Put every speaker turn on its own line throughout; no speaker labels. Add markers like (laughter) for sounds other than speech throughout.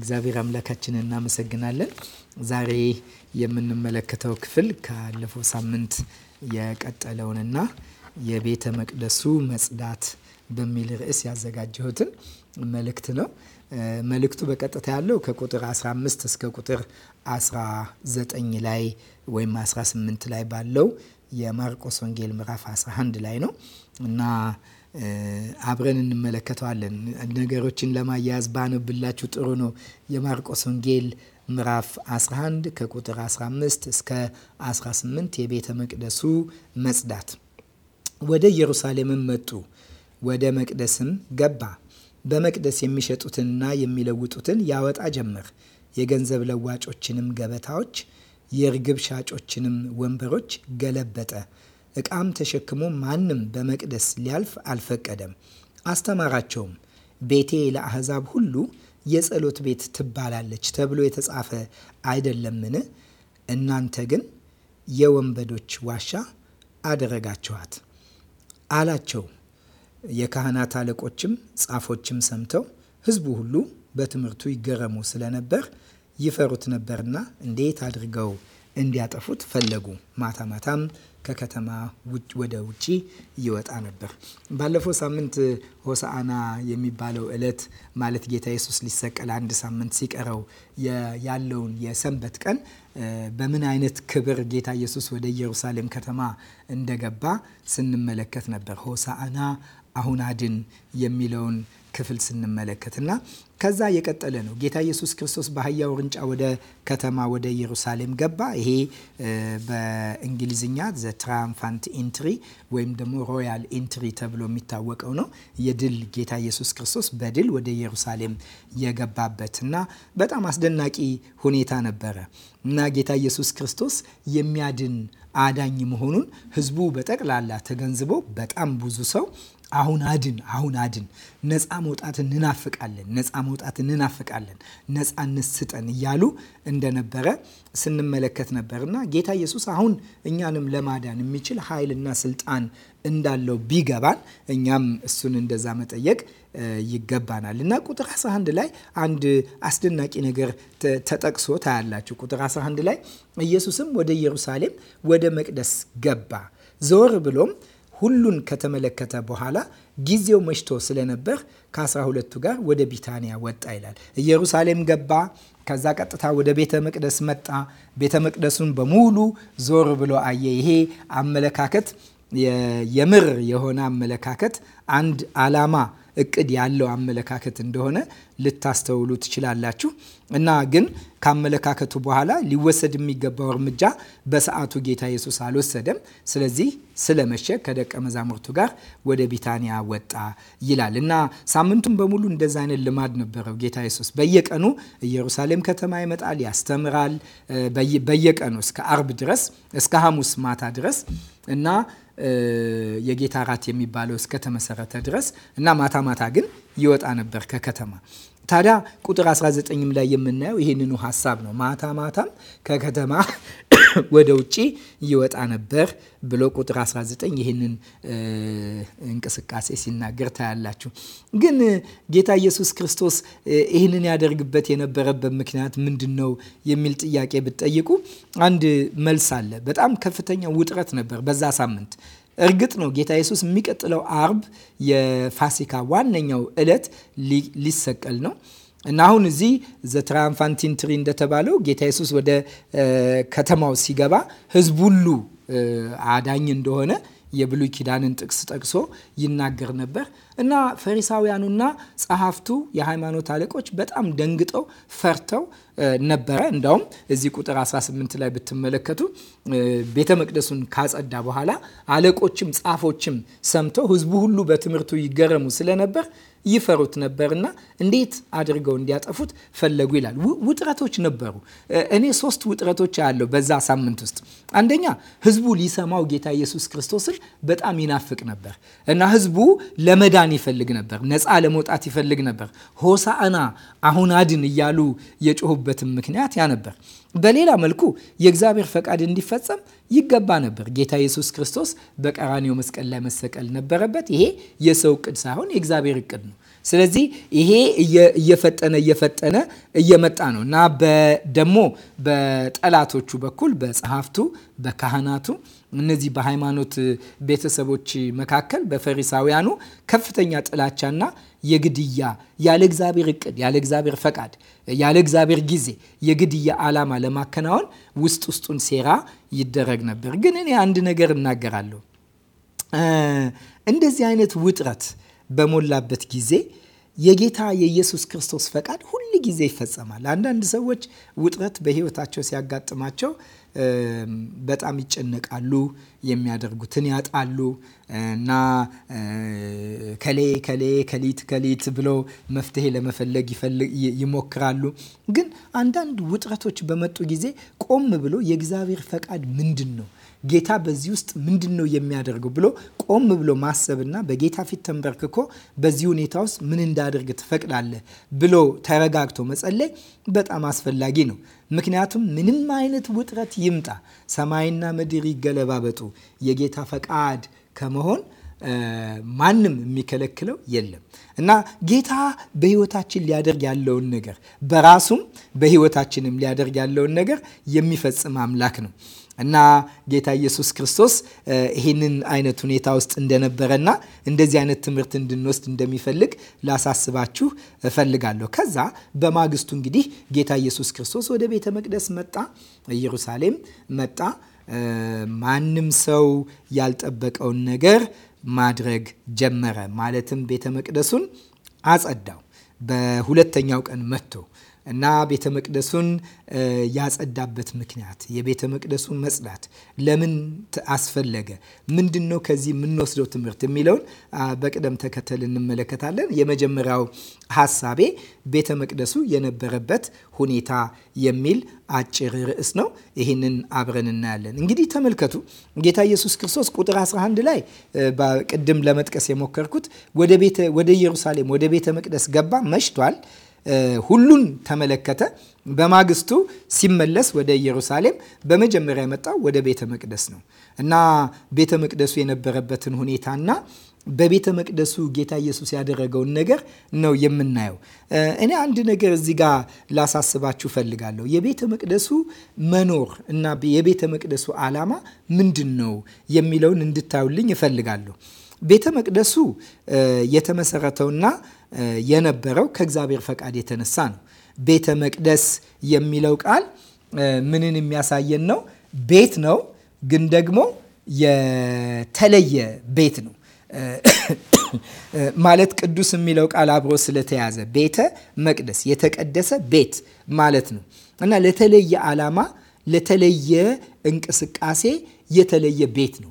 እግዚአብሔር አምላካችን እናመሰግናለን። ዛሬ የምንመለከተው ክፍል ካለፈው ሳምንት የቀጠለውንና የቤተ መቅደሱ መጽዳት በሚል ርዕስ ያዘጋጀሁትን መልእክት ነው። መልእክቱ በቀጥታ ያለው ከቁጥር 15 እስከ ቁጥር 19 ላይ ወይም 18 ላይ ባለው የማርቆስ ወንጌል ምዕራፍ 11 ላይ ነው እና አብረን እንመለከተዋለን። ነገሮችን ለማያያዝ ባነብላችሁ ጥሩ ነው። የማርቆስ ወንጌል ምዕራፍ 11 ከቁጥር 15 እስከ 18 የቤተ መቅደሱ መጽዳት። ወደ ኢየሩሳሌምም መጡ፣ ወደ መቅደስም ገባ። በመቅደስ የሚሸጡትንና የሚለውጡትን ያወጣ ጀመር። የገንዘብ ለዋጮችንም ገበታዎች፣ የርግብ ሻጮችንም ወንበሮች ገለበጠ። ዕቃም ተሸክሞ ማንም በመቅደስ ሊያልፍ አልፈቀደም። አስተማራቸውም ቤቴ ለአሕዛብ ሁሉ የጸሎት ቤት ትባላለች ተብሎ የተጻፈ አይደለምን? እናንተ ግን የወንበዶች ዋሻ አደረጋችኋት አላቸው። የካህናት አለቆችም ጻፎችም ሰምተው ሕዝቡ ሁሉ በትምህርቱ ይገረሙ ስለነበር ይፈሩት ነበርና እንዴት አድርገው እንዲያጠፉት ፈለጉ። ማታ ማታም ከከተማ ወደ ውጪ ይወጣ ነበር። ባለፈው ሳምንት ሆሳአና የሚባለው ዕለት ማለት ጌታ ኢየሱስ ሊሰቀል አንድ ሳምንት ሲቀረው ያለውን የሰንበት ቀን በምን አይነት ክብር ጌታ ኢየሱስ ወደ ኢየሩሳሌም ከተማ እንደገባ ስንመለከት ነበር። ሆሳአና አሁን አድን የሚለውን ክፍል ስንመለከት እና ከዛ የቀጠለ ነው። ጌታ ኢየሱስ ክርስቶስ በአህያ ውርንጫ ወደ ከተማ ወደ ኢየሩሳሌም ገባ። ይሄ በእንግሊዝኛ ዘ ትራምፋንት ኢንትሪ ወይም ደግሞ ሮያል ኢንትሪ ተብሎ የሚታወቀው ነው። የድል ጌታ ኢየሱስ ክርስቶስ በድል ወደ ኢየሩሳሌም የገባበት እና በጣም አስደናቂ ሁኔታ ነበረ እና ጌታ ኢየሱስ ክርስቶስ የሚያድን አዳኝ መሆኑን ህዝቡ በጠቅላላ ተገንዝቦ በጣም ብዙ ሰው አሁን አድን፣ አሁን አድን። ነፃ መውጣት እንናፍቃለን፣ ነፃ መውጣት እንናፍቃለን፣ ነፃነት ስጠን እያሉ እንደነበረ ስንመለከት ነበር እና ጌታ ኢየሱስ አሁን እኛንም ለማዳን የሚችል ኃይልና ስልጣን እንዳለው ቢገባን እኛም እሱን እንደዛ መጠየቅ ይገባናል እና ቁጥር 11 ላይ አንድ አስደናቂ ነገር ተጠቅሶ ታያላችሁ። ቁጥር 11 ላይ ኢየሱስም ወደ ኢየሩሳሌም ወደ መቅደስ ገባ፣ ዞር ብሎም ሁሉን ከተመለከተ በኋላ ጊዜው መሽቶ ስለነበር ከአስራ ሁለቱ ጋር ወደ ቢታንያ ወጣ ይላል። ኢየሩሳሌም ገባ። ከዛ ቀጥታ ወደ ቤተ መቅደስ መጣ። ቤተ መቅደሱን በሙሉ ዞር ብሎ አየ። ይሄ አመለካከት የምር የሆነ አመለካከት አንድ አላማ እቅድ ያለው አመለካከት እንደሆነ ልታስተውሉ ትችላላችሁ። እና ግን ከአመለካከቱ በኋላ ሊወሰድ የሚገባው እርምጃ በሰዓቱ ጌታ ኢየሱስ አልወሰደም። ስለዚህ ስለመሸ ከደቀ መዛሙርቱ ጋር ወደ ቢታንያ ወጣ ይላል እና ሳምንቱን በሙሉ እንደዛ አይነት ልማድ ነበረው ጌታ ኢየሱስ። በየቀኑ ኢየሩሳሌም ከተማ ይመጣል፣ ያስተምራል። በየቀኑ እስከ አርብ ድረስ እስከ ሐሙስ ማታ ድረስ እና የጌታ ራት የሚባለው እስከተመሰረተ ድረስ እና ማታ ማታ ግን ይወጣ ነበር ከከተማ ታዲያ ቁጥር 19ም ላይ የምናየው ይህንኑ ሀሳብ ነው። ማታ ማታም ከከተማ (coughs) ወደ ውጭ ይወጣ ነበር ብሎ ቁጥር 19 ይህንን እንቅስቃሴ ሲናገር ታያላችሁ። ግን ጌታ ኢየሱስ ክርስቶስ ይህንን ያደርግበት የነበረበት ምክንያት ምንድን ነው የሚል ጥያቄ ብትጠይቁ አንድ መልስ አለ። በጣም ከፍተኛ ውጥረት ነበር በዛ ሳምንት እርግጥ ነው ጌታ ኢየሱስ የሚቀጥለው አርብ የፋሲካ ዋነኛው ዕለት ሊሰቀል ነው እና አሁን እዚህ ዘትራንፋንቲን ትሪ እንደተባለው ጌታ ኢየሱስ ወደ ከተማው ሲገባ ህዝብ ሁሉ አዳኝ እንደሆነ የብሉይ ኪዳንን ጥቅስ ጠቅሶ ይናገር ነበር እና ፈሪሳውያኑና ጸሐፍቱ የሃይማኖት አለቆች በጣም ደንግጠው ፈርተው ነበረ። እንዳውም እዚህ ቁጥር 18 ላይ ብትመለከቱ ቤተ መቅደሱን ካጸዳ በኋላ አለቆችም ጻፎችም ሰምተው ህዝቡ ሁሉ በትምህርቱ ይገረሙ ስለነበር ይፈሩት ነበርና እንዴት አድርገው እንዲያጠፉት ፈለጉ ይላል። ውጥረቶች ነበሩ። እኔ ሶስት ውጥረቶች አለው በዛ ሳምንት ውስጥ አንደኛ ህዝቡ ሊሰማው ጌታ ኢየሱስ ክርስቶስን በጣም ይናፍቅ ነበር እና ህዝቡ ለመዳን ይፈልግ ነበር፣ ነፃ ለመውጣት ይፈልግ ነበር። ሆሳዕና አሁን አድን እያሉ የጮሁበትም ምክንያት ያ ነበር። በሌላ መልኩ የእግዚአብሔር ፈቃድ እንዲፈጸም ይገባ ነበር። ጌታ ኢየሱስ ክርስቶስ በቀራኔው መስቀል ላይ መሰቀል ነበረበት። ይሄ የሰው እቅድ ሳይሆን የእግዚአብሔር እቅድ ነው። ስለዚህ ይሄ እየፈጠነ እየፈጠነ እየመጣ ነው እና ደግሞ በጠላቶቹ በኩል በጸሐፍቱ፣ በካህናቱ እነዚህ በሃይማኖት ቤተሰቦች መካከል በፈሪሳውያኑ ከፍተኛ ጥላቻና የግድያ ያለ እግዚአብሔር እቅድ፣ ያለ እግዚአብሔር ፈቃድ፣ ያለ እግዚአብሔር ጊዜ የግድያ ዓላማ ለማከናወን ውስጥ ውስጡን ሴራ ይደረግ ነበር። ግን እኔ አንድ ነገር እናገራለሁ። እንደዚህ አይነት ውጥረት በሞላበት ጊዜ የጌታ የኢየሱስ ክርስቶስ ፈቃድ ሁል ጊዜ ይፈጸማል። አንዳንድ ሰዎች ውጥረት በሕይወታቸው ሲያጋጥማቸው በጣም ይጨነቃሉ፣ የሚያደርጉትን ያጣሉ እና ከሌ ከሌ ከሊት ከሊት ብሎ መፍትሄ ለመፈለግ ይሞክራሉ። ግን አንዳንድ ውጥረቶች በመጡ ጊዜ ቆም ብሎ የእግዚአብሔር ፈቃድ ምንድን ነው ጌታ በዚህ ውስጥ ምንድን ነው የሚያደርገው ብሎ ቆም ብሎ ማሰብና በጌታ ፊት ተንበርክኮ በዚህ ሁኔታ ውስጥ ምን እንዳደርግ ትፈቅዳለህ ብሎ ተረጋግቶ መጸለይ በጣም አስፈላጊ ነው። ምክንያቱም ምንም አይነት ውጥረት ይምጣ፣ ሰማይና ምድር ይገለባበጡ፣ የጌታ ፈቃድ ከመሆን ማንም የሚከለክለው የለም እና ጌታ በህይወታችን ሊያደርግ ያለውን ነገር በራሱም በህይወታችንም ሊያደርግ ያለውን ነገር የሚፈጽም አምላክ ነው። እና ጌታ ኢየሱስ ክርስቶስ ይህንን አይነት ሁኔታ ውስጥ እንደነበረና እንደዚህ አይነት ትምህርት እንድንወስድ እንደሚፈልግ ላሳስባችሁ እፈልጋለሁ። ከዛ በማግስቱ እንግዲህ ጌታ ኢየሱስ ክርስቶስ ወደ ቤተ መቅደስ መጣ፣ ኢየሩሳሌም መጣ። ማንም ሰው ያልጠበቀውን ነገር ማድረግ ጀመረ። ማለትም ቤተ መቅደሱን አጸዳው። በሁለተኛው ቀን መጥቶ እና ቤተ መቅደሱን ያጸዳበት ምክንያት የቤተ መቅደሱ መጽዳት ለምን አስፈለገ? ምንድን ነው ከዚህ የምንወስደው ትምህርት የሚለውን በቅደም ተከተል እንመለከታለን። የመጀመሪያው ሀሳቤ ቤተ መቅደሱ የነበረበት ሁኔታ የሚል አጭር ርዕስ ነው። ይህንን አብረን እናያለን። እንግዲህ ተመልከቱ ጌታ ኢየሱስ ክርስቶስ ቁጥር 11 ላይ ቅድም ለመጥቀስ የሞከርኩት ወደ ኢየሩሳሌም ወደ ቤተ መቅደስ ገባ፣ መሽቷል ሁሉን ተመለከተ። በማግስቱ ሲመለስ ወደ ኢየሩሳሌም በመጀመሪያ የመጣው ወደ ቤተ መቅደስ ነው እና ቤተ መቅደሱ የነበረበትን ሁኔታና በቤተ መቅደሱ ጌታ ኢየሱስ ያደረገውን ነገር ነው የምናየው። እኔ አንድ ነገር እዚህ ጋር ላሳስባችሁ ፈልጋለሁ። የቤተ መቅደሱ መኖር እና የቤተ መቅደሱ ዓላማ ምንድን ነው የሚለውን እንድታዩልኝ እፈልጋለሁ። ቤተ መቅደሱ የተመሰረተውና የነበረው ከእግዚአብሔር ፈቃድ የተነሳ ነው። ቤተ መቅደስ የሚለው ቃል ምንን የሚያሳየን ነው? ቤት ነው፣ ግን ደግሞ የተለየ ቤት ነው (coughs) ማለት ቅዱስ የሚለው ቃል አብሮ ስለተያዘ ቤተ መቅደስ የተቀደሰ ቤት ማለት ነው እና ለተለየ ዓላማ፣ ለተለየ እንቅስቃሴ የተለየ ቤት ነው።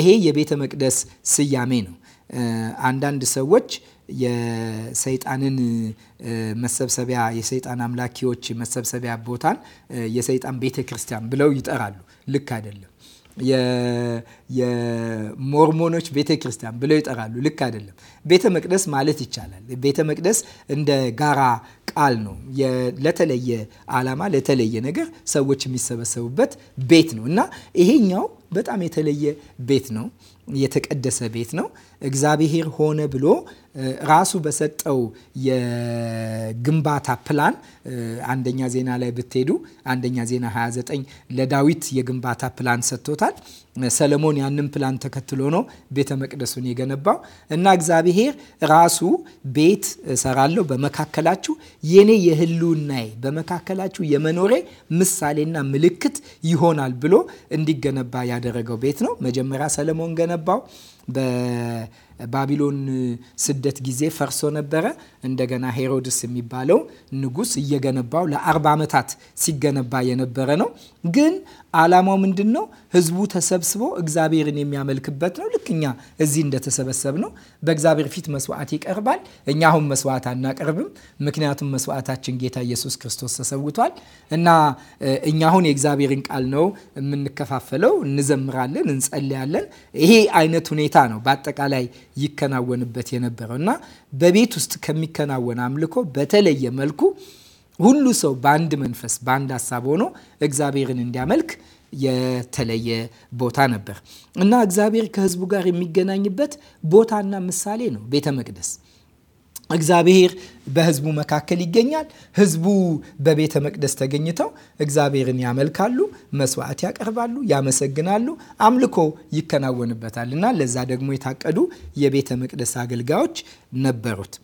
ይሄ የቤተ መቅደስ ስያሜ ነው። አንዳንድ ሰዎች የሰይጣንን መሰብሰቢያ የሰይጣን አምላኪዎች መሰብሰቢያ ቦታን የሰይጣን ቤተ ክርስቲያን ብለው ይጠራሉ። ልክ አይደለም። የሞርሞኖች ቤተ ክርስቲያን ብለው ይጠራሉ። ልክ አይደለም። ቤተ መቅደስ ማለት ይቻላል። ቤተ መቅደስ እንደ ጋራ ቃል ነው። ለተለየ ዓላማ፣ ለተለየ ነገር ሰዎች የሚሰበሰቡበት ቤት ነው እና ይሄኛው በጣም የተለየ ቤት ነው። የተቀደሰ ቤት ነው። እግዚአብሔር ሆነ ብሎ ራሱ በሰጠው የግንባታ ፕላን አንደኛ ዜና ላይ ብትሄዱ አንደኛ ዜና 29 ለዳዊት የግንባታ ፕላን ሰጥቶታል። ሰለሞን ያንን ፕላን ተከትሎ ነው ቤተ መቅደሱን የገነባው እና እግዚአብሔር ራሱ ቤት እሰራለሁ በመካከላችሁ የኔ የሕልውናዬ በመካከላችሁ የመኖሬ ምሳሌና ምልክት ይሆናል ብሎ እንዲገነባ ያደረገው ቤት ነው። መጀመሪያ ሰለሞን ገነባው። ባቢሎን ስደት ጊዜ ፈርሶ ነበረ። እንደገና ሄሮድስ የሚባለው ንጉስ እየገነባው ለአርባ ዓመታት ሲገነባ የነበረ ነው። ግን ዓላማው ምንድን ነው? ህዝቡ ተሰብስቦ እግዚአብሔርን የሚያመልክበት ነው። ልክ እኛ እዚህ እንደተሰበሰብ ነው። በእግዚአብሔር ፊት መስዋዕት ይቀርባል። እኛ አሁን መስዋዕት አናቀርብም፣ ምክንያቱም መስዋዕታችን ጌታ ኢየሱስ ክርስቶስ ተሰውቷል እና እኛ አሁን የእግዚአብሔርን ቃል ነው የምንከፋፈለው። እንዘምራለን፣ እንጸልያለን። ይሄ አይነት ሁኔታ ነው በአጠቃላይ ይከናወንበት የነበረው እና በቤት ውስጥ ከሚከናወን አምልኮ በተለየ መልኩ ሁሉ ሰው በአንድ መንፈስ በአንድ ሀሳብ ሆኖ እግዚአብሔርን እንዲያመልክ የተለየ ቦታ ነበር እና እግዚአብሔር ከህዝቡ ጋር የሚገናኝበት ቦታና ምሳሌ ነው ቤተ መቅደስ። እግዚአብሔር በህዝቡ መካከል ይገኛል። ህዝቡ በቤተ መቅደስ ተገኝተው እግዚአብሔርን ያመልካሉ፣ መስዋዕት ያቀርባሉ፣ ያመሰግናሉ፣ አምልኮ ይከናወንበታል እና ለዛ ደግሞ የታቀዱ የቤተ መቅደስ አገልጋዮች ነበሩት።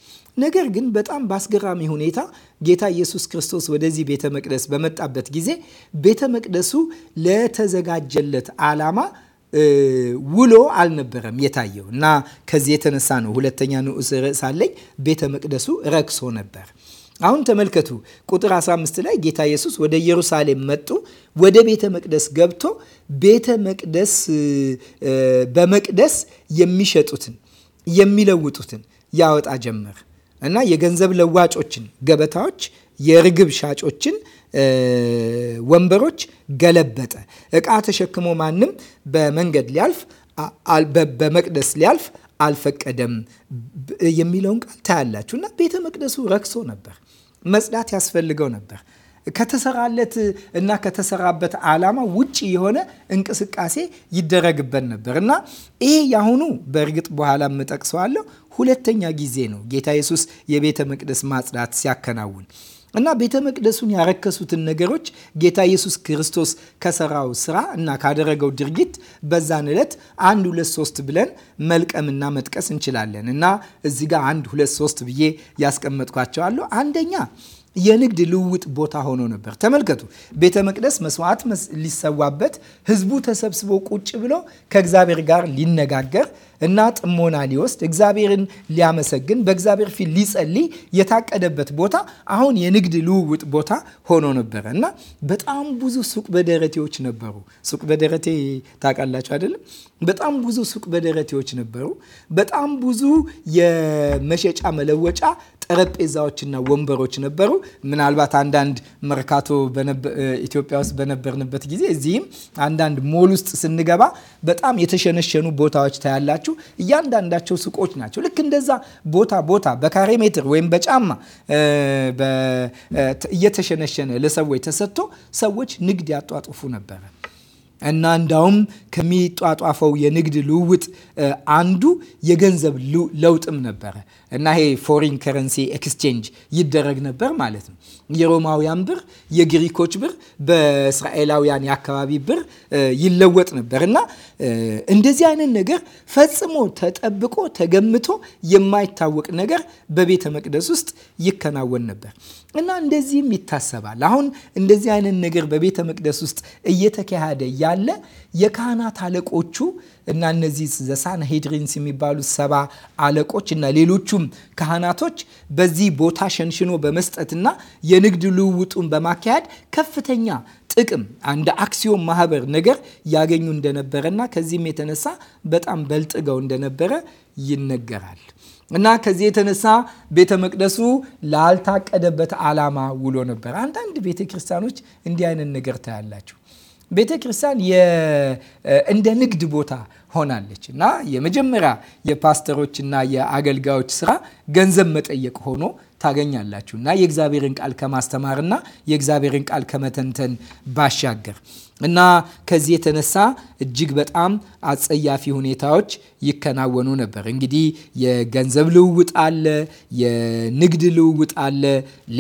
ነገር ግን በጣም በአስገራሚ ሁኔታ ጌታ ኢየሱስ ክርስቶስ ወደዚህ ቤተ መቅደስ በመጣበት ጊዜ ቤተ መቅደሱ ለተዘጋጀለት ዓላማ ውሎ አልነበረም የታየው እና ከዚህ የተነሳ ነው ሁለተኛ ንዑስ ርዕስ አለኝ ቤተ መቅደሱ ረክሶ ነበር። አሁን ተመልከቱ ቁጥር 15 ላይ ጌታ ኢየሱስ ወደ ኢየሩሳሌም መጡ። ወደ ቤተ መቅደስ ገብቶ ቤተ መቅደስ በመቅደስ የሚሸጡትን የሚለውጡትን ያወጣ ጀመር እና የገንዘብ ለዋጮችን ገበታዎች፣ የርግብ ሻጮችን ወንበሮች ገለበጠ። እቃ ተሸክሞ ማንም በመንገድ ሊያልፍ በመቅደስ ሊያልፍ አልፈቀደም የሚለውን ቃል ታያላችሁ። እና ቤተ መቅደሱ ረክሶ ነበር፣ መጽዳት ያስፈልገው ነበር። ከተሰራለት እና ከተሰራበት ዓላማ ውጭ የሆነ እንቅስቃሴ ይደረግበት ነበር እና ይሄ ያሁኑ በእርግጥ በኋላ የምጠቅሰዋለሁ ሁለተኛ ጊዜ ነው ጌታ ኢየሱስ የቤተ መቅደስ ማጽዳት ሲያከናውን እና ቤተ መቅደሱን ያረከሱትን ነገሮች ጌታ ኢየሱስ ክርስቶስ ከሰራው ስራ እና ካደረገው ድርጊት በዛን ዕለት አንድ ሁለት ሶስት ብለን መልቀምና መጥቀስ እንችላለን እና እዚ ጋር አንድ ሁለት ሶስት ብዬ ያስቀመጥኳቸዋለሁ። አንደኛ የንግድ ልውውጥ ቦታ ሆኖ ነበር። ተመልከቱ፣ ቤተ መቅደስ መስዋዕት ሊሰዋበት ህዝቡ ተሰብስቦ ቁጭ ብሎ ከእግዚአብሔር ጋር ሊነጋገር እና ጥሞና ሊወስድ እግዚአብሔርን ሊያመሰግን በእግዚአብሔር ፊት ሊጸልይ የታቀደበት ቦታ አሁን የንግድ ልውውጥ ቦታ ሆኖ ነበረ እና በጣም ብዙ ሱቅ በደረቴዎች ነበሩ። ሱቅ በደረቴ ታውቃላችሁ አይደለም? በጣም ብዙ ሱቅ በደረቴዎች ነበሩ። በጣም ብዙ የመሸጫ መለወጫ ጠረጴዛዎችና ወንበሮች ነበሩ። ምናልባት አንዳንድ መርካቶ ኢትዮጵያ ውስጥ በነበርንበት ጊዜ እዚህም አንዳንድ ሞል ውስጥ ስንገባ በጣም የተሸነሸኑ ቦታዎች ታያላችሁ። እያንዳንዳቸው ሱቆች ናቸው። ልክ እንደዛ ቦታ ቦታ በካሬ ሜትር ወይም በጫማ እየተሸነሸነ ለሰዎች ተሰጥቶ ሰዎች ንግድ ያጧጡፉ ነበረ። እና እንዳውም ከሚጧጧፈው የንግድ ልውውጥ አንዱ የገንዘብ ለውጥም ነበረ እና ይሄ ፎሪን ከረንሲ ኤክስቼንጅ ይደረግ ነበር ማለት ነው። የሮማውያን ብር፣ የግሪኮች ብር በእስራኤላውያን የአካባቢ ብር ይለወጥ ነበር እና እንደዚህ አይነት ነገር ፈጽሞ ተጠብቆ ተገምቶ የማይታወቅ ነገር በቤተ መቅደስ ውስጥ ይከናወን ነበር። እና እንደዚህም ይታሰባል። አሁን እንደዚህ አይነት ነገር በቤተ መቅደስ ውስጥ እየተካሄደ ያለ የካህናት አለቆቹ እና እነዚህ ዘሳን ሄድሪንስ የሚባሉት ሰባ አለቆች እና ሌሎቹም ካህናቶች በዚህ ቦታ ሸንሽኖ በመስጠትና የንግድ ልውውጡን በማካሄድ ከፍተኛ ጥቅም አንድ አክሲዮን ማህበር ነገር ያገኙ እንደነበረና ከዚህም የተነሳ በጣም በልጥገው እንደነበረ ይነገራል። እና ከዚህ የተነሳ ቤተ መቅደሱ ላልታቀደበት ዓላማ ውሎ ነበር። አንዳንድ ቤተ ክርስቲያኖች እንዲህ አይነት ነገር ታያላችሁ። ቤተ ክርስቲያን እንደ ንግድ ቦታ ሆናለች እና የመጀመሪያ የፓስተሮች የአገልጋዮች ስራ ገንዘብ መጠየቅ ሆኖ ታገኛላችሁ እና የእግዚአብሔርን ቃል ከማስተማርና የእግዚአብሔርን ቃል ከመተንተን ባሻገር እና ከዚህ የተነሳ እጅግ በጣም አጸያፊ ሁኔታዎች ይከናወኑ ነበር። እንግዲህ የገንዘብ ልውውጥ አለ፣ የንግድ ልውውጥ አለ፣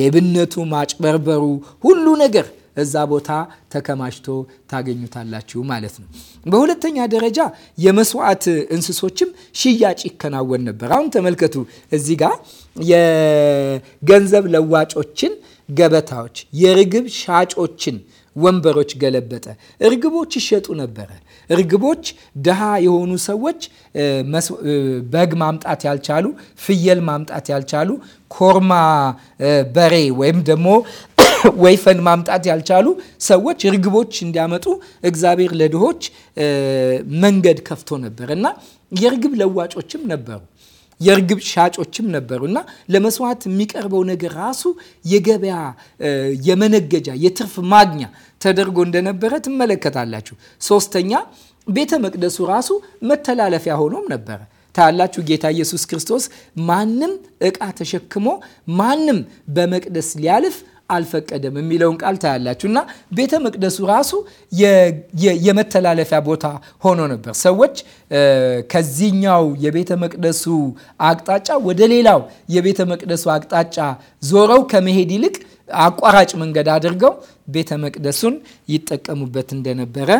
ሌብነቱ፣ ማጭበርበሩ ሁሉ ነገር እዛ ቦታ ተከማችቶ ታገኙታላችሁ ማለት ነው። በሁለተኛ ደረጃ የመስዋዕት እንስሶችም ሽያጭ ይከናወን ነበር። አሁን ተመልከቱ እዚህ ጋር የገንዘብ ለዋጮችን ገበታዎች፣ የርግብ ሻጮችን ወንበሮች ገለበጠ። እርግቦች ይሸጡ ነበረ። እርግቦች ድሃ የሆኑ ሰዎች በግ ማምጣት ያልቻሉ፣ ፍየል ማምጣት ያልቻሉ ኮርማ በሬ ወይም ደግሞ ወይፈን ማምጣት ያልቻሉ ሰዎች እርግቦች እንዲያመጡ እግዚአብሔር ለድሆች መንገድ ከፍቶ ነበር እና የእርግብ ለዋጮችም ነበሩ የእርግብ ሻጮችም ነበሩ እና ለመስዋዕት የሚቀርበው ነገር ራሱ የገበያ የመነገጃ የትርፍ ማግኛ ተደርጎ እንደነበረ ትመለከታላችሁ። ሶስተኛ ቤተ መቅደሱ ራሱ መተላለፊያ ሆኖም ነበረ። ታያላችሁ። ጌታ ኢየሱስ ክርስቶስ ማንም እቃ ተሸክሞ ማንም በመቅደስ ሊያልፍ አልፈቀደም የሚለውን ቃል ታያላችሁ። እና ቤተ መቅደሱ ራሱ የመተላለፊያ ቦታ ሆኖ ነበር። ሰዎች ከዚህኛው የቤተ መቅደሱ አቅጣጫ ወደ ሌላው የቤተ መቅደሱ አቅጣጫ ዞረው ከመሄድ ይልቅ አቋራጭ መንገድ አድርገው ቤተ መቅደሱን ይጠቀሙበት እንደነበረ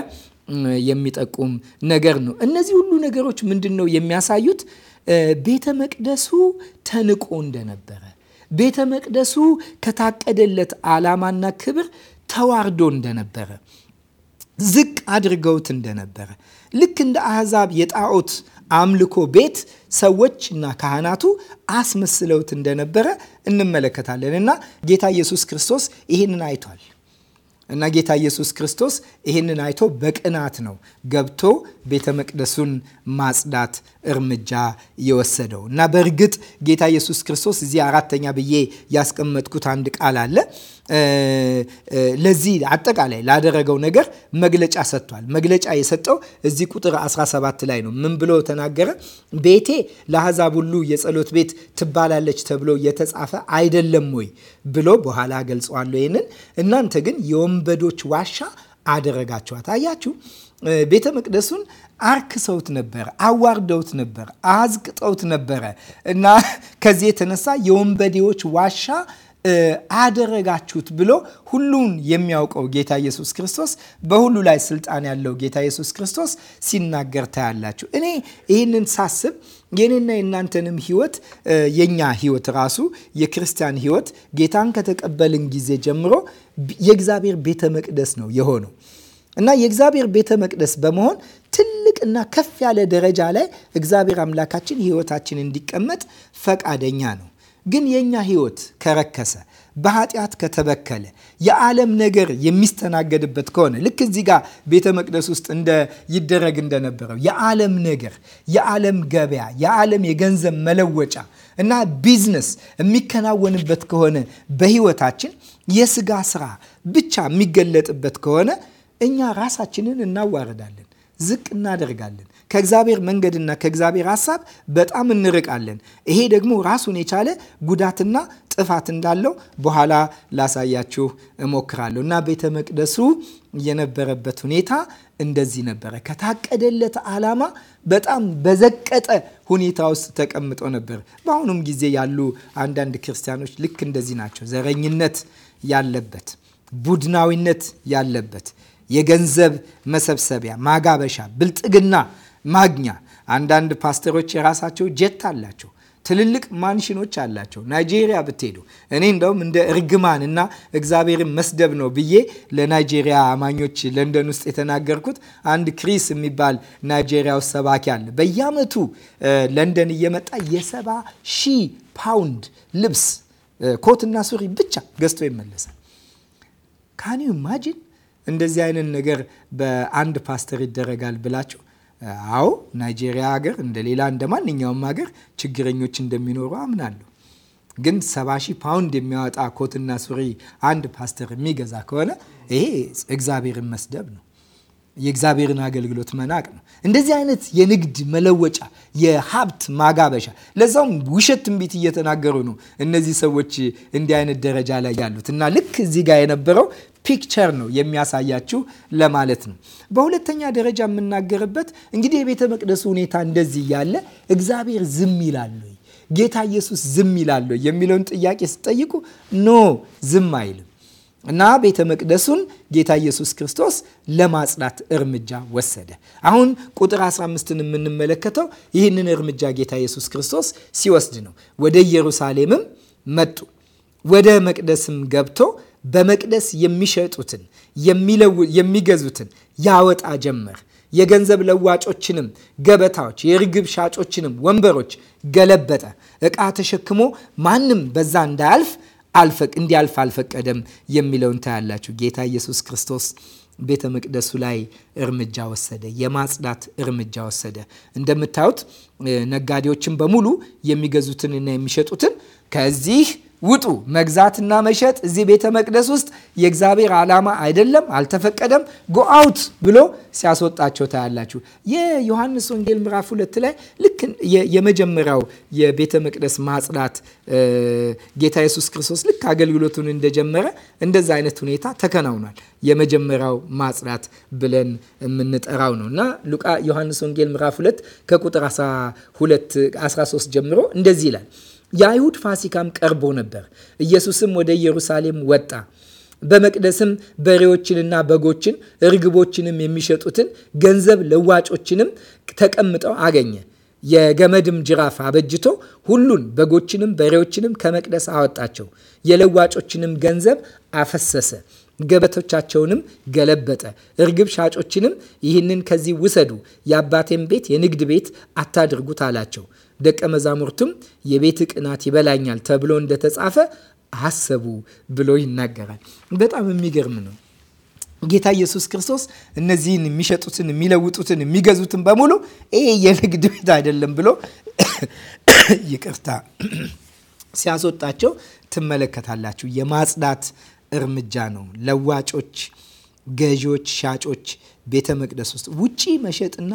የሚጠቁም ነገር ነው። እነዚህ ሁሉ ነገሮች ምንድን ነው የሚያሳዩት? ቤተ መቅደሱ ተንቆ እንደነበረ ቤተ መቅደሱ ከታቀደለት ዓላማና ክብር ተዋርዶ እንደነበረ ዝቅ አድርገውት እንደነበረ ልክ እንደ አሕዛብ የጣዖት አምልኮ ቤት ሰዎችና ካህናቱ አስመስለውት እንደነበረ እንመለከታለን እና ጌታ ኢየሱስ ክርስቶስ ይህንን አይቷል። እና ጌታ ኢየሱስ ክርስቶስ ይህንን አይቶ በቅናት ነው ገብቶ ቤተ መቅደሱን ማጽዳት እርምጃ የወሰደው እና በእርግጥ ጌታ ኢየሱስ ክርስቶስ እዚህ አራተኛ ብዬ ያስቀመጥኩት አንድ ቃል አለ ለዚህ አጠቃላይ ላደረገው ነገር መግለጫ ሰጥቷል። መግለጫ የሰጠው እዚህ ቁጥር 17 ላይ ነው። ምን ብሎ ተናገረ? ቤቴ ለአሕዛብ ሁሉ የጸሎት ቤት ትባላለች ተብሎ የተጻፈ አይደለም ወይ ብሎ በኋላ ገልጸዋለሁ። ይህንን እናንተ ግን የወንበዶች ዋሻ አደረጋችኋት። አያችሁ ቤተ መቅደሱን አርክሰውት ነበር፣ አዋርደውት ነበር፣ አዝቅጠውት ነበረ እና ከዚህ የተነሳ የወንበዴዎች ዋሻ አደረጋችሁት ብሎ ሁሉን የሚያውቀው ጌታ ኢየሱስ ክርስቶስ በሁሉ ላይ ስልጣን ያለው ጌታ ኢየሱስ ክርስቶስ ሲናገር ታያላችሁ። እኔ ይህንን ሳስብ የኔና የእናንተንም ህይወት የኛ ህይወት ራሱ የክርስቲያን ህይወት ጌታን ከተቀበልን ጊዜ ጀምሮ የእግዚአብሔር ቤተ መቅደስ ነው የሆነው እና የእግዚአብሔር ቤተ መቅደስ በመሆን ትልቅና ከፍ ያለ ደረጃ ላይ እግዚአብሔር አምላካችን ህይወታችን እንዲቀመጥ ፈቃደኛ ነው። ግን የእኛ ህይወት ከረከሰ በኃጢአት ከተበከለ የዓለም ነገር የሚስተናገድበት ከሆነ ልክ እዚህ ጋር ቤተ መቅደስ ውስጥ እንደ ይደረግ እንደነበረው የዓለም ነገር፣ የዓለም ገበያ፣ የዓለም የገንዘብ መለወጫ እና ቢዝነስ የሚከናወንበት ከሆነ በህይወታችን የስጋ ስራ ብቻ የሚገለጥበት ከሆነ እኛ ራሳችንን እናዋርዳለን፣ ዝቅ እናደርጋለን። ከእግዚአብሔር መንገድና ከእግዚአብሔር ሀሳብ በጣም እንርቃለን። ይሄ ደግሞ ራሱን የቻለ ጉዳትና ጥፋት እንዳለው በኋላ ላሳያችሁ እሞክራለሁ እና ቤተ መቅደሱ የነበረበት ሁኔታ እንደዚህ ነበረ። ከታቀደለት ዓላማ በጣም በዘቀጠ ሁኔታ ውስጥ ተቀምጦ ነበር። በአሁኑም ጊዜ ያሉ አንዳንድ ክርስቲያኖች ልክ እንደዚህ ናቸው። ዘረኝነት ያለበት፣ ቡድናዊነት ያለበት፣ የገንዘብ መሰብሰቢያ ማጋበሻ፣ ብልጥግና ማግኛ። አንዳንድ ፓስተሮች የራሳቸው ጀት አላቸው። ትልልቅ ማንሽኖች አላቸው። ናይጄሪያ ብትሄዱ እኔ እንደውም እንደ እርግማን እና እግዚአብሔርን መስደብ ነው ብዬ ለናይጄሪያ አማኞች ለንደን ውስጥ የተናገርኩት አንድ ክሪስ የሚባል ናይጄሪያ ውስጥ ሰባኪ አለ። በየአመቱ ለንደን እየመጣ የሰባ ሺህ ፓውንድ ልብስ ኮትና ሱሪ ብቻ ገዝቶ ይመለሳል። ካኒ ማጂን እንደዚህ አይነት ነገር በአንድ ፓስተር ይደረጋል ብላችሁ አዎ ናይጄሪያ ሀገር እንደ ሌላ እንደ ማንኛውም ሀገር ችግረኞች እንደሚኖሩ አምናለሁ። ግን ሰባ ሺህ ፓውንድ የሚያወጣ ኮትና ሱሪ አንድ ፓስተር የሚገዛ ከሆነ ይሄ እግዚአብሔርን መስደብ ነው። የእግዚአብሔርን አገልግሎት መናቅ ነው። እንደዚህ አይነት የንግድ መለወጫ፣ የሀብት ማጋበሻ ለዛውም ውሸት ትንቢት እየተናገሩ ነው እነዚህ ሰዎች እንዲህ አይነት ደረጃ ላይ ያሉት እና ልክ እዚህ ጋር የነበረው ፒክቸር ነው የሚያሳያችሁ ለማለት ነው። በሁለተኛ ደረጃ የምናገርበት እንግዲህ የቤተ መቅደሱ ሁኔታ እንደዚህ ያለ እግዚአብሔር ዝም ይላሉ፣ ጌታ ኢየሱስ ዝም ይላሉ የሚለውን ጥያቄ ስጠይቁ ኖ ዝም አይልም እና ቤተ መቅደሱን ጌታ ኢየሱስ ክርስቶስ ለማጽዳት እርምጃ ወሰደ። አሁን ቁጥር 15ን የምንመለከተው ይህንን እርምጃ ጌታ ኢየሱስ ክርስቶስ ሲወስድ ነው። ወደ ኢየሩሳሌምም መጡ። ወደ መቅደስም ገብቶ በመቅደስ የሚሸጡትን የሚገዙትን ያወጣ ጀመር። የገንዘብ ለዋጮችንም ገበታዎች፣ የርግብ ሻጮችንም ወንበሮች ገለበጠ። እቃ ተሸክሞ ማንም በዛ እንዳያልፍ እንዲያልፍ አልፈቀደም የሚለውን ታያላችሁ። ጌታ ኢየሱስ ክርስቶስ ቤተ መቅደሱ ላይ እርምጃ ወሰደ። የማጽዳት እርምጃ ወሰደ። እንደምታዩት ነጋዴዎችን በሙሉ የሚገዙትንና የሚሸጡትን ከዚህ ውጡ። መግዛትና መሸጥ እዚህ ቤተ መቅደስ ውስጥ የእግዚአብሔር ዓላማ አይደለም፣ አልተፈቀደም። ጎ አውት ብሎ ሲያስወጣቸው ታያላችሁ። የዮሐንስ ወንጌል ምዕራፍ ሁለት ላይ ልክ የመጀመሪያው የቤተ መቅደስ ማጽዳት ጌታ ኢየሱስ ክርስቶስ ልክ አገልግሎቱን እንደጀመረ እንደዛ አይነት ሁኔታ ተከናውኗል። የመጀመሪያው ማጽዳት ብለን የምንጠራው ነው እና ሉቃ ዮሐንስ ወንጌል ምዕራፍ ሁለት ከቁጥር 12 13 ጀምሮ እንደዚህ ይላል የአይሁድ ፋሲካም ቀርቦ ነበር። ኢየሱስም ወደ ኢየሩሳሌም ወጣ። በመቅደስም በሬዎችንና በጎችን እርግቦችንም የሚሸጡትን ገንዘብ ለዋጮችንም ተቀምጠው አገኘ። የገመድም ጅራፍ አበጅቶ ሁሉን በጎችንም በሬዎችንም ከመቅደስ አወጣቸው። የለዋጮችንም ገንዘብ አፈሰሰ። ገበቶቻቸውንም ገለበጠ። እርግብ ሻጮችንም ይህንን ከዚህ ውሰዱ፣ የአባቴን ቤት የንግድ ቤት አታድርጉት አላቸው። ደቀ መዛሙርቱም የቤት ቅናት ይበላኛል ተብሎ እንደተጻፈ አሰቡ ብሎ ይናገራል። በጣም የሚገርም ነው። ጌታ ኢየሱስ ክርስቶስ እነዚህን የሚሸጡትን፣ የሚለውጡትን፣ የሚገዙትን በሙሉ ይሄ የንግድ ቤት አይደለም ብሎ (coughs) ይቅርታ ሲያስወጣቸው ትመለከታላችሁ። የማጽዳት እርምጃ ነው። ለዋጮች፣ ገዢዎች፣ ሻጮች ቤተ መቅደስ ውስጥ ውጪ መሸጥና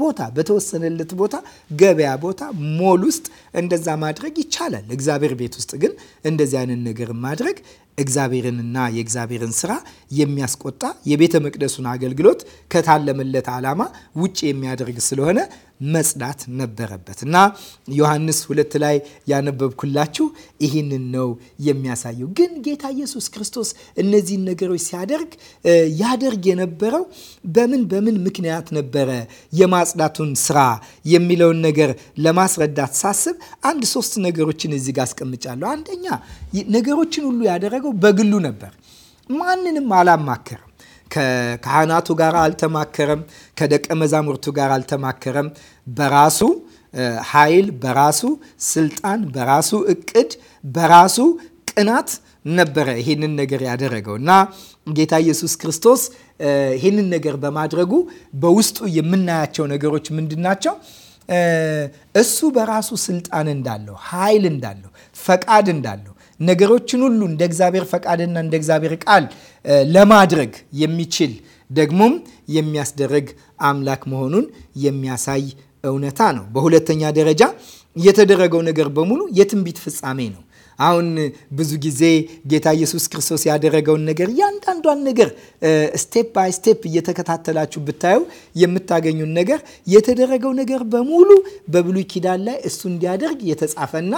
ቦታ በተወሰነለት ቦታ ገበያ ቦታ ሞል ውስጥ እንደዛ ማድረግ ይቻላል። እግዚአብሔር ቤት ውስጥ ግን እንደዚህ አይነት ነገር ማድረግ እግዚአብሔርንና የእግዚአብሔርን ስራ የሚያስቆጣ የቤተ መቅደሱን አገልግሎት ከታለመለት ዓላማ ውጭ የሚያደርግ ስለሆነ መጽዳት ነበረበት እና ዮሐንስ ሁለት ላይ ያነበብኩላችሁ ይህንን ነው የሚያሳየው። ግን ጌታ ኢየሱስ ክርስቶስ እነዚህን ነገሮች ሲያደርግ ያደርግ የነበረ የሚባለው በምን በምን ምክንያት ነበረ የማጽዳቱን ስራ የሚለውን ነገር ለማስረዳት ሳስብ አንድ ሶስት ነገሮችን እዚህ ጋር አስቀምጫለሁ። አንደኛ ነገሮችን ሁሉ ያደረገው በግሉ ነበር። ማንንም አላማከርም። ከካህናቱ ጋር አልተማከረም። ከደቀ መዛሙርቱ ጋር አልተማከረም። በራሱ ኃይል፣ በራሱ ስልጣን፣ በራሱ እቅድ፣ በራሱ ቅናት ነበረ ይሄንን ነገር ያደረገው እና ጌታ ኢየሱስ ክርስቶስ ይህንን ነገር በማድረጉ በውስጡ የምናያቸው ነገሮች ምንድን ናቸው? እሱ በራሱ ስልጣን እንዳለው፣ ኃይል እንዳለው፣ ፈቃድ እንዳለው ነገሮችን ሁሉ እንደ እግዚአብሔር ፈቃድና እንደ እግዚአብሔር ቃል ለማድረግ የሚችል ደግሞም የሚያስደረግ አምላክ መሆኑን የሚያሳይ እውነታ ነው። በሁለተኛ ደረጃ የተደረገው ነገር በሙሉ የትንቢት ፍጻሜ ነው። አሁን ብዙ ጊዜ ጌታ ኢየሱስ ክርስቶስ ያደረገውን ነገር እያንዳንዷን ነገር ስቴፕ ባይ ስቴፕ እየተከታተላችሁ ብታዩ የምታገኙን ነገር የተደረገው ነገር በሙሉ በብሉይ ኪዳን ላይ እሱ እንዲያደርግ የተጻፈና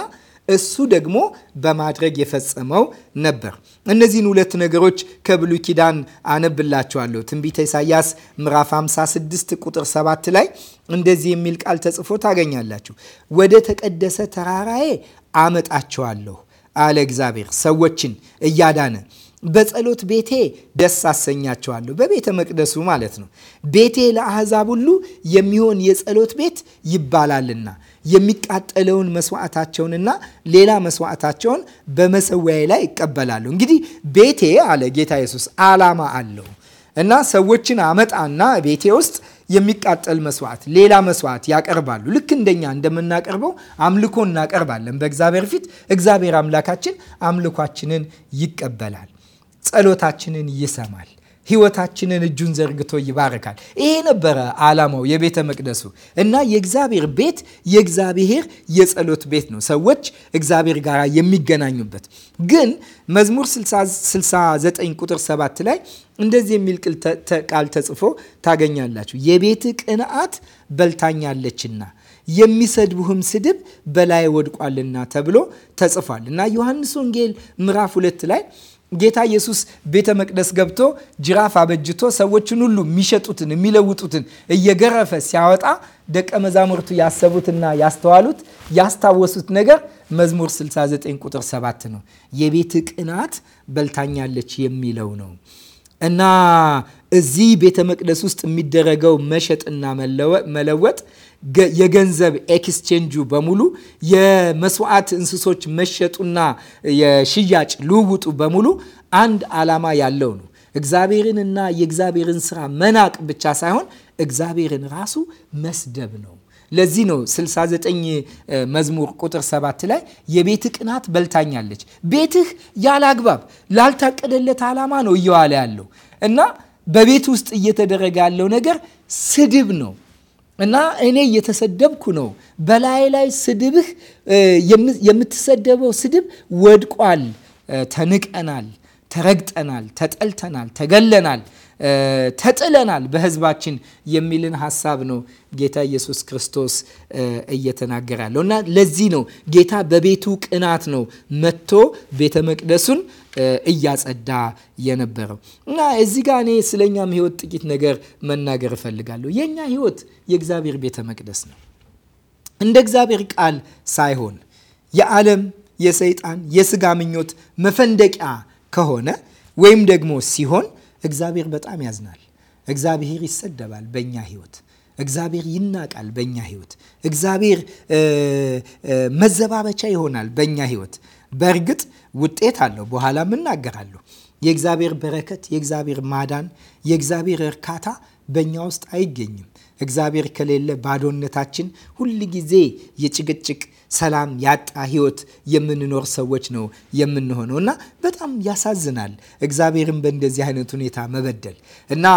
እሱ ደግሞ በማድረግ የፈጸመው ነበር። እነዚህን ሁለት ነገሮች ከብሉይ ኪዳን አነብላችኋለሁ። ትንቢተ ኢሳያስ ምዕራፍ 56 ቁጥር 7 ላይ እንደዚህ የሚል ቃል ተጽፎ ታገኛላችሁ። ወደ ተቀደሰ ተራራዬ አመጣቸዋለሁ አለ እግዚአብሔር ሰዎችን እያዳነ በጸሎት ቤቴ ደስ አሰኛቸዋለሁ። በቤተ መቅደሱ ማለት ነው። ቤቴ ለአሕዛብ ሁሉ የሚሆን የጸሎት ቤት ይባላልና የሚቃጠለውን መስዋዕታቸውንና ሌላ መስዋዕታቸውን በመሰዊያ ላይ ይቀበላሉ። እንግዲህ ቤቴ አለ ጌታ ኢየሱስ ዓላማ አለው። እና ሰዎችን አመጣና ቤቴ ውስጥ የሚቃጠል መስዋዕት፣ ሌላ መስዋዕት ያቀርባሉ። ልክ እንደኛ እንደምናቀርበው አምልኮ እናቀርባለን በእግዚአብሔር ፊት። እግዚአብሔር አምላካችን አምልኳችንን ይቀበላል፣ ጸሎታችንን ይሰማል። ህይወታችንን እጁን ዘርግቶ ይባርካል። ይሄ ነበረ ዓላማው የቤተ መቅደሱ እና የእግዚአብሔር ቤት የእግዚአብሔር የጸሎት ቤት ነው፣ ሰዎች እግዚአብሔር ጋር የሚገናኙበት። ግን መዝሙር 69 ቁጥር 7 ላይ እንደዚህ የሚል ቃል ተጽፎ ታገኛላችሁ። የቤት ቅንዓት በልታኛለችና የሚሰድቡህም ስድብ በላይ ወድቋልና ተብሎ ተጽፏል እና ዮሐንስ ወንጌል ምዕራፍ ሁለት ላይ ጌታ ኢየሱስ ቤተ መቅደስ ገብቶ ጅራፍ አበጅቶ ሰዎችን ሁሉ የሚሸጡትን የሚለውጡትን እየገረፈ ሲያወጣ ደቀ መዛሙርቱ ያሰቡትና ያስተዋሉት ያስታወሱት ነገር መዝሙር 69 ቁጥር 7 ነው። የቤት ቅናት በልታኛለች የሚለው ነው። እና እዚህ ቤተ መቅደስ ውስጥ የሚደረገው መሸጥና መለወጥ የገንዘብ ኤክስቼንጁ በሙሉ የመስዋዕት እንስሶች መሸጡና የሽያጭ ልውውጡ በሙሉ አንድ ዓላማ ያለው ነው። እግዚአብሔርንና የእግዚአብሔርን ስራ መናቅ ብቻ ሳይሆን እግዚአብሔርን ራሱ መስደብ ነው። ለዚህ ነው 69 መዝሙር ቁጥር 7 ላይ የቤት ቅናት በልታኛለች። ቤትህ ያለ አግባብ ላልታቀደለት ዓላማ ነው እየዋለ ያለው እና በቤት ውስጥ እየተደረገ ያለው ነገር ስድብ ነው እና እኔ እየተሰደብኩ ነው። በላይ ላይ ስድብህ የምትሰደበው ስድብ ወድቋል፣ ተንቀናል፣ ተረግጠናል፣ ተጠልተናል፣ ተገለናል ተጥለናል በህዝባችን የሚልን ሀሳብ ነው ጌታ ኢየሱስ ክርስቶስ እየተናገረ ያለው እና ለዚህ ነው ጌታ በቤቱ ቅናት ነው መጥቶ ቤተ መቅደሱን እያጸዳ የነበረው እና እዚህ ጋር እኔ ስለኛም ህይወት ጥቂት ነገር መናገር እፈልጋለሁ። የእኛ ህይወት የእግዚአብሔር ቤተ መቅደስ ነው። እንደ እግዚአብሔር ቃል ሳይሆን የዓለም የሰይጣን የስጋ ምኞት መፈንደቂያ ከሆነ ወይም ደግሞ ሲሆን እግዚአብሔር በጣም ያዝናል። እግዚአብሔር ይሰደባል በእኛ ህይወት። እግዚአብሔር ይናቃል በእኛ ህይወት። እግዚአብሔር መዘባበቻ ይሆናል በእኛ ህይወት። በእርግጥ ውጤት አለው፣ በኋላም እናገራለሁ። የእግዚአብሔር በረከት፣ የእግዚአብሔር ማዳን፣ የእግዚአብሔር እርካታ በእኛ ውስጥ አይገኝም። እግዚአብሔር ከሌለ ባዶነታችን ሁል ጊዜ የጭቅጭቅ ሰላም ያጣ ህይወት የምንኖር ሰዎች ነው የምንሆነው እና በጣም ያሳዝናል እግዚአብሔርን በእንደዚህ አይነት ሁኔታ መበደል እና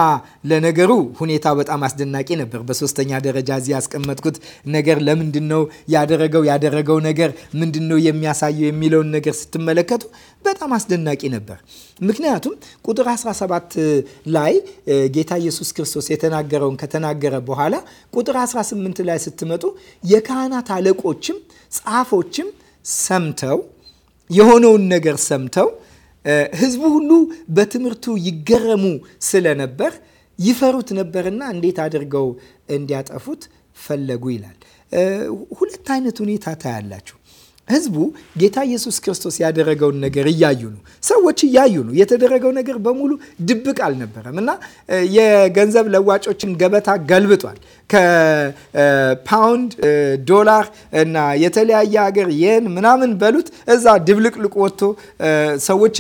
ለነገሩ ሁኔታው በጣም አስደናቂ ነበር። በሶስተኛ ደረጃ እዚህ ያስቀመጥኩት ነገር ለምንድን ነው ያደረገው ያደረገው ነገር ምንድን ነው የሚያሳየው የሚለውን ነገር ስትመለከቱ በጣም አስደናቂ ነበር። ምክንያቱም ቁጥር 17 ላይ ጌታ ኢየሱስ ክርስቶስ የተናገረውን ከተናገረ በኋላ ቁጥር 18 ላይ ስትመጡ የካህናት አለቆችም ጻፎችም ሰምተው የሆነውን ነገር ሰምተው ሕዝቡ ሁሉ በትምህርቱ ይገረሙ ስለነበር ይፈሩት ነበርና እንዴት አድርገው እንዲያጠፉት ፈለጉ ይላል። ሁለት አይነት ሁኔታ ታያላችሁ። ህዝቡ ጌታ ኢየሱስ ክርስቶስ ያደረገውን ነገር እያዩ ነው። ሰዎች እያዩ ነው። የተደረገው ነገር በሙሉ ድብቅ አልነበረም እና የገንዘብ ለዋጮችን ገበታ ገልብጧል። ከፓውንድ ዶላር፣ እና የተለያየ ሀገር የን ምናምን በሉት እዛ ድብልቅልቅ ወጥቶ ሰዎች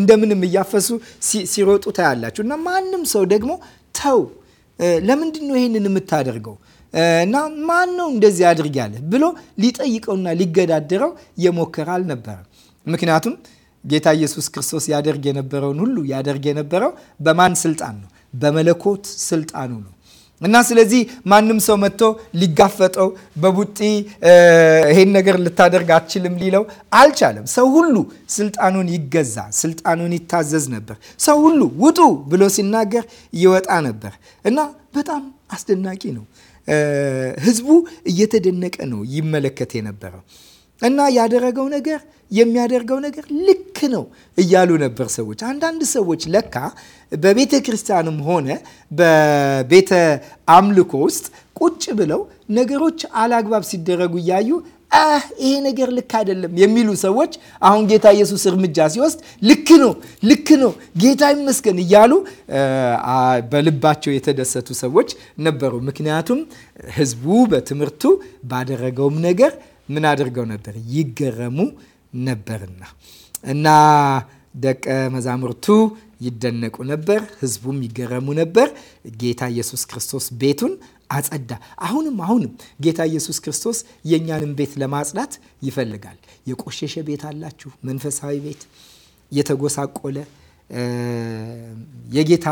እንደምንም እያፈሱ ሲሮጡ ታያላችሁ እና ማንም ሰው ደግሞ ተው ለምንድን ነው ይህንን የምታደርገው እና ማን ነው እንደዚህ አድርግ ያለ ብሎ ሊጠይቀውና ሊገዳደረው የሞከረ አልነበረም። ምክንያቱም ጌታ ኢየሱስ ክርስቶስ ያደርግ የነበረውን ሁሉ ያደርግ የነበረው በማን ስልጣን ነው? በመለኮት ስልጣኑ ነው። እና ስለዚህ ማንም ሰው መጥቶ ሊጋፈጠው በቡጢ ይሄን ነገር ልታደርግ አትችልም ሊለው አልቻለም። ሰው ሁሉ ስልጣኑን ይገዛ፣ ስልጣኑን ይታዘዝ ነበር። ሰው ሁሉ ውጡ ብሎ ሲናገር ይወጣ ነበር እና በጣም አስደናቂ ነው። ህዝቡ እየተደነቀ ነው ይመለከት የነበረው እና ያደረገው ነገር የሚያደርገው ነገር ልክ ነው እያሉ ነበር ሰዎች። አንዳንድ ሰዎች ለካ በቤተ ክርስቲያንም ሆነ በቤተ አምልኮ ውስጥ ቁጭ ብለው ነገሮች አላግባብ ሲደረጉ እያዩ ይሄ ነገር ልክ አይደለም የሚሉ ሰዎች አሁን ጌታ ኢየሱስ እርምጃ ሲወስድ ልክ ነው፣ ልክ ነው፣ ጌታ ይመስገን እያሉ በልባቸው የተደሰቱ ሰዎች ነበሩ። ምክንያቱም ሕዝቡ በትምህርቱ ባደረገውም ነገር ምን አድርገው ነበር? ይገረሙ ነበርና እና ደቀ መዛሙርቱ ይደነቁ ነበር፣ ሕዝቡም ይገረሙ ነበር። ጌታ ኢየሱስ ክርስቶስ ቤቱን አጸዳ። አሁንም አሁንም ጌታ ኢየሱስ ክርስቶስ የእኛንም ቤት ለማጽዳት ይፈልጋል። የቆሸሸ ቤት አላችሁ? መንፈሳዊ ቤት፣ የተጎሳቆለ የጌታ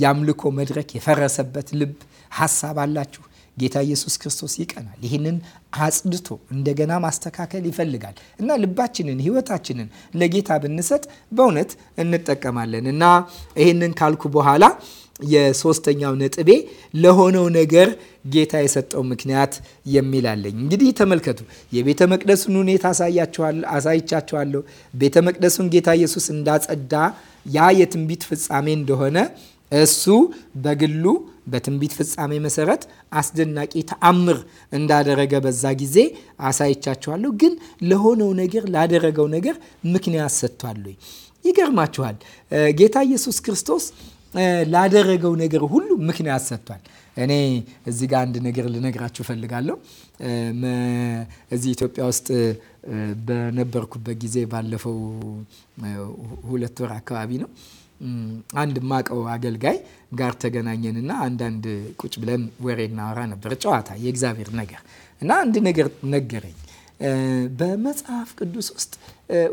የአምልኮ መድረክ የፈረሰበት ልብ ሀሳብ አላችሁ? ጌታ ኢየሱስ ክርስቶስ ይቀናል። ይህንን አጽድቶ እንደገና ማስተካከል ይፈልጋል እና ልባችንን ህይወታችንን ለጌታ ብንሰጥ በእውነት እንጠቀማለን እና ይህንን ካልኩ በኋላ የሶስተኛው ነጥቤ ለሆነው ነገር ጌታ የሰጠው ምክንያት የሚላለኝ እንግዲህ ተመልከቱ። የቤተ መቅደሱን ሁኔታ አሳይቻችኋለሁ። ቤተ መቅደሱን ጌታ ኢየሱስ እንዳጸዳ ያ የትንቢት ፍጻሜ እንደሆነ እሱ በግሉ በትንቢት ፍጻሜ መሰረት አስደናቂ ተአምር እንዳደረገ በዛ ጊዜ አሳይቻችኋለሁ። ግን ለሆነው ነገር ላደረገው ነገር ምክንያት ሰጥቷል። ይገርማችኋል። ጌታ ኢየሱስ ክርስቶስ ላደረገው ነገር ሁሉ ምክንያት ሰጥቷል። እኔ እዚህ ጋር አንድ ነገር ልነግራችሁ እፈልጋለሁ። እዚህ ኢትዮጵያ ውስጥ በነበርኩበት ጊዜ ባለፈው ሁለት ወር አካባቢ ነው አንድ ማቀው አገልጋይ ጋር ተገናኘንና አንዳንድ ቁጭ ብለን ወሬ እናወራ ነበር፣ ጨዋታ፣ የእግዚአብሔር ነገር እና አንድ ነገር ነገረኝ። በመጽሐፍ ቅዱስ ውስጥ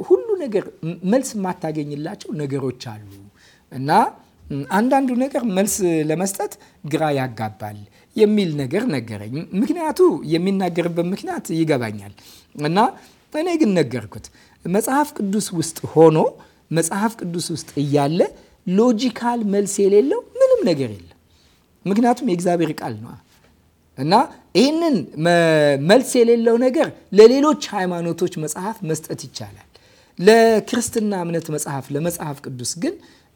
ሁሉ ነገር መልስ የማታገኝላቸው ነገሮች አሉ እና አንዳንዱ ነገር መልስ ለመስጠት ግራ ያጋባል የሚል ነገር ነገረኝ። ምክንያቱ የሚናገርበት ምክንያት ይገባኛል እና እኔ ግን ነገርኩት። መጽሐፍ ቅዱስ ውስጥ ሆኖ መጽሐፍ ቅዱስ ውስጥ እያለ ሎጂካል መልስ የሌለው ምንም ነገር የለም። ምክንያቱም የእግዚአብሔር ቃል ነው እና ይህንን መልስ የሌለው ነገር ለሌሎች ሃይማኖቶች መጽሐፍ መስጠት ይቻላል። ለክርስትና እምነት መጽሐፍ፣ ለመጽሐፍ ቅዱስ ግን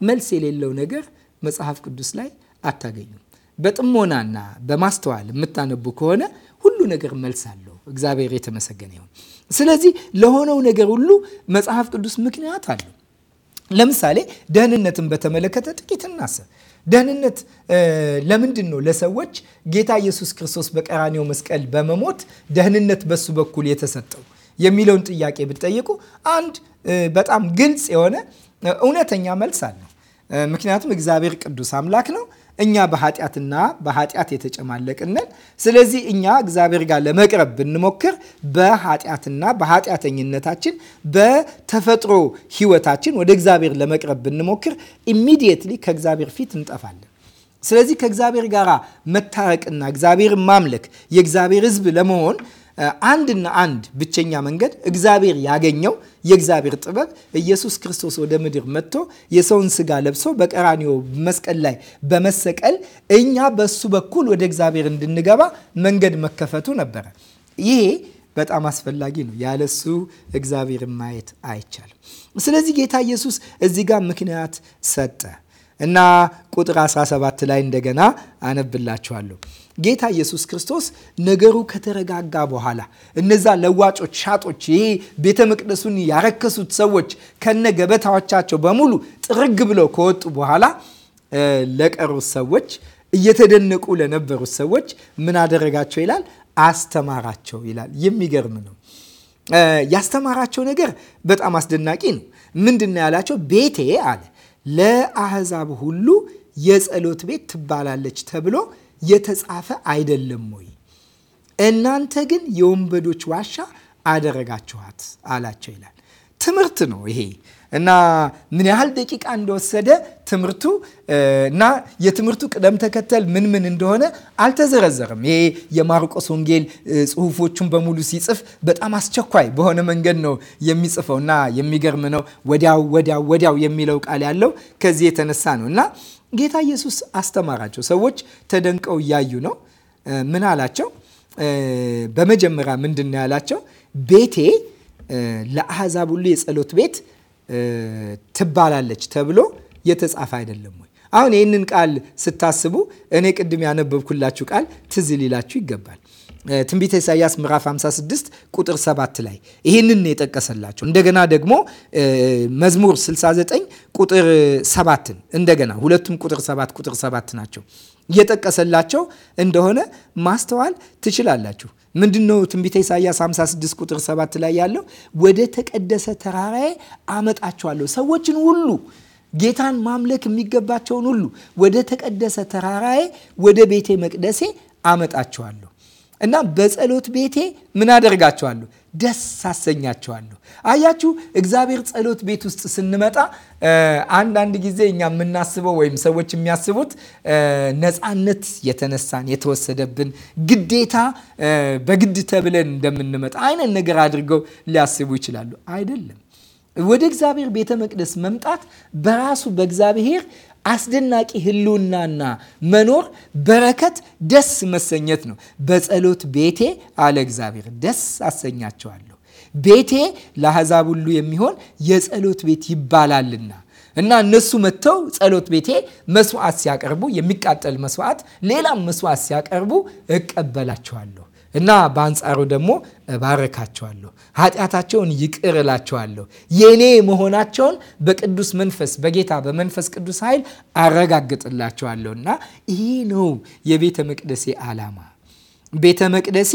መልስ የሌለው ነገር መጽሐፍ ቅዱስ ላይ አታገኙም። በጥሞናና በማስተዋል የምታነቡ ከሆነ ሁሉ ነገር መልስ አለው። እግዚአብሔር የተመሰገነ ይሁን። ስለዚህ ለሆነው ነገር ሁሉ መጽሐፍ ቅዱስ ምክንያት አለው። ለምሳሌ ደህንነትን በተመለከተ ጥቂት እናስብ። ደህንነት ለምንድን ነው ለሰዎች ጌታ ኢየሱስ ክርስቶስ በቀራኔው መስቀል በመሞት ደህንነት በሱ በኩል የተሰጠው የሚለውን ጥያቄ ብትጠይቁ አንድ በጣም ግልጽ የሆነ እውነተኛ መልስ አለው። ምክንያቱም እግዚአብሔር ቅዱስ አምላክ ነው። እኛ በኃጢአትና በኃጢአት የተጨማለቅነን። ስለዚህ እኛ እግዚአብሔር ጋር ለመቅረብ ብንሞክር በኃጢአትና በኃጢአተኝነታችን በተፈጥሮ ሕይወታችን ወደ እግዚአብሔር ለመቅረብ ብንሞክር ኢሚዲየትሊ ከእግዚአብሔር ፊት እንጠፋለን። ስለዚህ ከእግዚአብሔር ጋር መታረቅና እግዚአብሔር ማምለክ የእግዚአብሔር ሕዝብ ለመሆን አንድና አንድ ብቸኛ መንገድ እግዚአብሔር ያገኘው የእግዚአብሔር ጥበብ ኢየሱስ ክርስቶስ ወደ ምድር መጥቶ የሰውን ስጋ ለብሶ በቀራኒዮ መስቀል ላይ በመሰቀል እኛ በሱ በኩል ወደ እግዚአብሔር እንድንገባ መንገድ መከፈቱ ነበረ። ይሄ በጣም አስፈላጊ ነው። ያለሱ እግዚአብሔርን ማየት አይቻልም። ስለዚህ ጌታ ኢየሱስ እዚህ ጋር ምክንያት ሰጠ እና ቁጥር 17 ላይ እንደገና አነብላችኋለሁ ጌታ ኢየሱስ ክርስቶስ ነገሩ ከተረጋጋ በኋላ እነዛ ለዋጮች፣ ሻጦች፣ ይሄ ቤተ መቅደሱን ያረከሱት ሰዎች ከነ ገበታዎቻቸው በሙሉ ጥርግ ብለው ከወጡ በኋላ ለቀሩት ሰዎች፣ እየተደነቁ ለነበሩት ሰዎች ምን አደረጋቸው ይላል? አስተማራቸው ይላል። የሚገርም ነው። ያስተማራቸው ነገር በጣም አስደናቂ ነው። ምንድነው ያላቸው? ቤቴ አለ ለአህዛብ ሁሉ የጸሎት ቤት ትባላለች ተብሎ የተጻፈ አይደለም ወይ? እናንተ ግን የወንበዶች ዋሻ አደረጋችኋት አላቸው ይላል። ትምህርት ነው ይሄ እና ምን ያህል ደቂቃ እንደወሰደ ትምህርቱ እና የትምህርቱ ቅደም ተከተል ምን ምን እንደሆነ አልተዘረዘርም። ይሄ የማርቆስ ወንጌል ጽሁፎቹን በሙሉ ሲጽፍ በጣም አስቸኳይ በሆነ መንገድ ነው የሚጽፈው እና የሚገርም ነው። ወዲያው ወዲያው ወዲያው የሚለው ቃል ያለው ከዚህ የተነሳ ነው እና ጌታ ኢየሱስ አስተማራቸው። ሰዎች ተደንቀው እያዩ ነው። ምን አላቸው? በመጀመሪያ ምንድን ነው ያላቸው? ቤቴ ለአሕዛብ ሁሉ የጸሎት ቤት ትባላለች ተብሎ የተጻፈ አይደለም ወይ? አሁን ይህንን ቃል ስታስቡ እኔ ቅድም ያነበብኩላችሁ ቃል ትዝ ሊላችሁ ይገባል። ትንቢተ ኢሳያስ ምዕራፍ 56 ቁጥር 7 ላይ ይህንን የጠቀሰላቸው እንደገና ደግሞ መዝሙር 69 ቁጥር 7ን እንደገና ሁለቱም ቁጥር 7 ቁጥር 7 ናቸው እየጠቀሰላቸው እንደሆነ ማስተዋል ትችላላችሁ። ምንድን ነው ትንቢተ ኢሳያስ 56 ቁጥር 7 ላይ ያለው? ወደ ተቀደሰ ተራራዬ አመጣቸዋለሁ ሰዎችን ሁሉ ጌታን ማምለክ የሚገባቸውን ሁሉ ወደ ተቀደሰ ተራራዬ ወደ ቤቴ መቅደሴ አመጣቸዋለሁ እና በጸሎት ቤቴ ምን አደርጋቸዋለሁ? ደስ አሰኛቸዋለሁ። አያችሁ፣ እግዚአብሔር ጸሎት ቤት ውስጥ ስንመጣ አንዳንድ ጊዜ እኛ የምናስበው ወይም ሰዎች የሚያስቡት ነፃነት የተነሳን የተወሰደብን ግዴታ በግድ ተብለን እንደምንመጣ አይነት ነገር አድርገው ሊያስቡ ይችላሉ። አይደለም። ወደ እግዚአብሔር ቤተ መቅደስ መምጣት በራሱ በእግዚአብሔር አስደናቂ ህልውናና መኖር በረከት፣ ደስ መሰኘት ነው። በጸሎት ቤቴ አለ እግዚአብሔር ደስ አሰኛቸዋለሁ፣ ቤቴ ለአሕዛብ ሁሉ የሚሆን የጸሎት ቤት ይባላልና እና እነሱ መጥተው ጸሎት ቤቴ መስዋዕት ሲያቀርቡ የሚቃጠል መስዋዕት፣ ሌላም መስዋዕት ሲያቀርቡ እቀበላቸዋለሁ እና በአንጻሩ ደግሞ ባረካቸዋለሁ፣ ኃጢአታቸውን ይቅር እላቸዋለሁ፣ የእኔ መሆናቸውን በቅዱስ መንፈስ በጌታ በመንፈስ ቅዱስ ኃይል አረጋግጥላቸዋለሁ። እና ይህ ነው የቤተ መቅደሴ ዓላማ። ቤተ መቅደሴ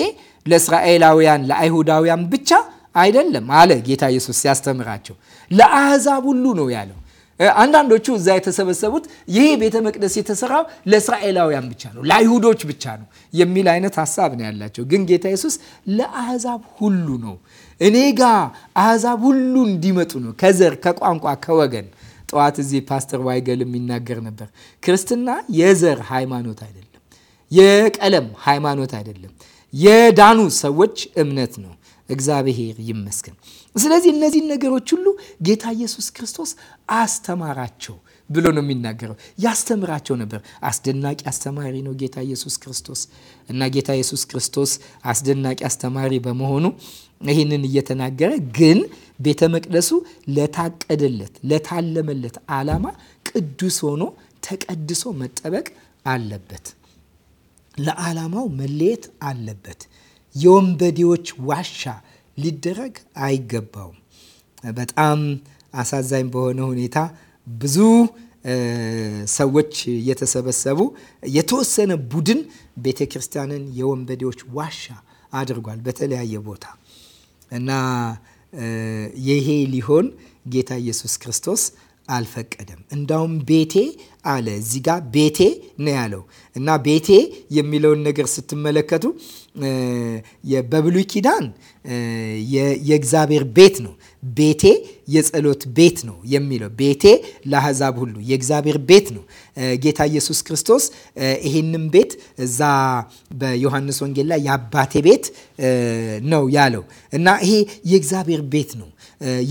ለእስራኤላውያን ለአይሁዳውያን ብቻ አይደለም አለ ጌታ ኢየሱስ ሲያስተምራቸው፣ ለአሕዛብ ሁሉ ነው ያለው አንዳንዶቹ እዛ የተሰበሰቡት ይሄ ቤተ መቅደስ የተሰራው ለእስራኤላውያን ብቻ ነው፣ ለአይሁዶች ብቻ ነው የሚል አይነት ሀሳብ ነው ያላቸው። ግን ጌታ ኢየሱስ ለአህዛብ ሁሉ ነው። እኔ ጋ አህዛብ ሁሉ እንዲመጡ ነው፣ ከዘር፣ ከቋንቋ፣ ከወገን። ጠዋት እዚህ ፓስተር ዋይገል የሚናገር ነበር። ክርስትና የዘር ሃይማኖት አይደለም፣ የቀለም ሃይማኖት አይደለም፣ የዳኑ ሰዎች እምነት ነው። እግዚአብሔር ይመስገን። ስለዚህ እነዚህን ነገሮች ሁሉ ጌታ ኢየሱስ ክርስቶስ አስተማራቸው ብሎ ነው የሚናገረው። ያስተምራቸው ነበር። አስደናቂ አስተማሪ ነው ጌታ ኢየሱስ ክርስቶስ እና ጌታ ኢየሱስ ክርስቶስ አስደናቂ አስተማሪ በመሆኑ ይህንን እየተናገረ ግን ቤተ መቅደሱ ለታቀደለት ለታለመለት ዓላማ ቅዱስ ሆኖ ተቀድሶ መጠበቅ አለበት። ለዓላማው መለየት አለበት። የወንበዴዎች ዋሻ ሊደረግ አይገባውም። በጣም አሳዛኝ በሆነ ሁኔታ ብዙ ሰዎች እየተሰበሰቡ የተወሰነ ቡድን ቤተ ክርስቲያንን የወንበዴዎች ዋሻ አድርጓል በተለያየ ቦታ እና ይሄ ሊሆን ጌታ ኢየሱስ ክርስቶስ አልፈቀደም። እንዳውም ቤቴ አለ እዚህ ቤቴ ነው ያለው እና ቤቴ የሚለውን ነገር ስትመለከቱ በብሉይ ኪዳን የእግዚአብሔር ቤት ነው። ቤቴ የጸሎት ቤት ነው የሚለው ቤቴ ለአሕዛብ ሁሉ የእግዚአብሔር ቤት ነው። ጌታ ኢየሱስ ክርስቶስ ይሄንም ቤት እዛ በዮሐንስ ወንጌል ላይ የአባቴ ቤት ነው ያለው እና ይሄ የእግዚአብሔር ቤት ነው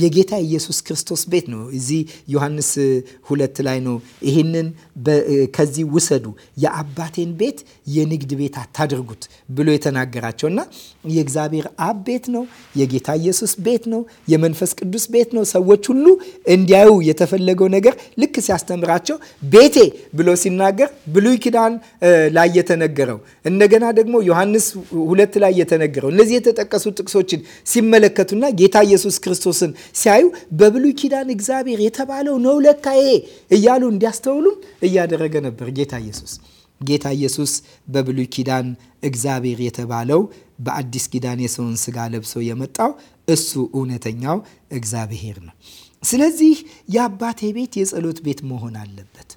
የጌታ ኢየሱስ ክርስቶስ ቤት ነው። እዚህ ዮሐንስ ሁለት ላይ ነው ይህንን ከዚህ ውሰዱ፣ የአባቴን ቤት የንግድ ቤት አታድርጉት ብሎ የተናገራቸውና የእግዚአብሔር አብ ቤት ነው፣ የጌታ ኢየሱስ ቤት ነው፣ የመንፈስ ቅዱስ ቤት ነው ነው ሰዎች ሁሉ እንዲያዩ የተፈለገው ነገር ልክ ሲያስተምራቸው ቤቴ ብሎ ሲናገር ብሉይ ኪዳን ላይ የተነገረው እንደገና ደግሞ ዮሐንስ ሁለት ላይ የተነገረው እነዚህ የተጠቀሱ ጥቅሶችን ሲመለከቱና ጌታ ኢየሱስ ክርስቶስን ሲያዩ በብሉይ ኪዳን እግዚአብሔር የተባለው ነው ለካ ይሄ እያሉ እንዲያስተውሉም እያደረገ ነበር ጌታ ኢየሱስ። ጌታ ኢየሱስ በብሉይ ኪዳን እግዚአብሔር የተባለው በአዲስ ኪዳን የሰውን ስጋ ለብሶ የመጣው እሱ እውነተኛው እግዚአብሔር ነው። ስለዚህ የአባቴ ቤት የጸሎት ቤት መሆን አለበት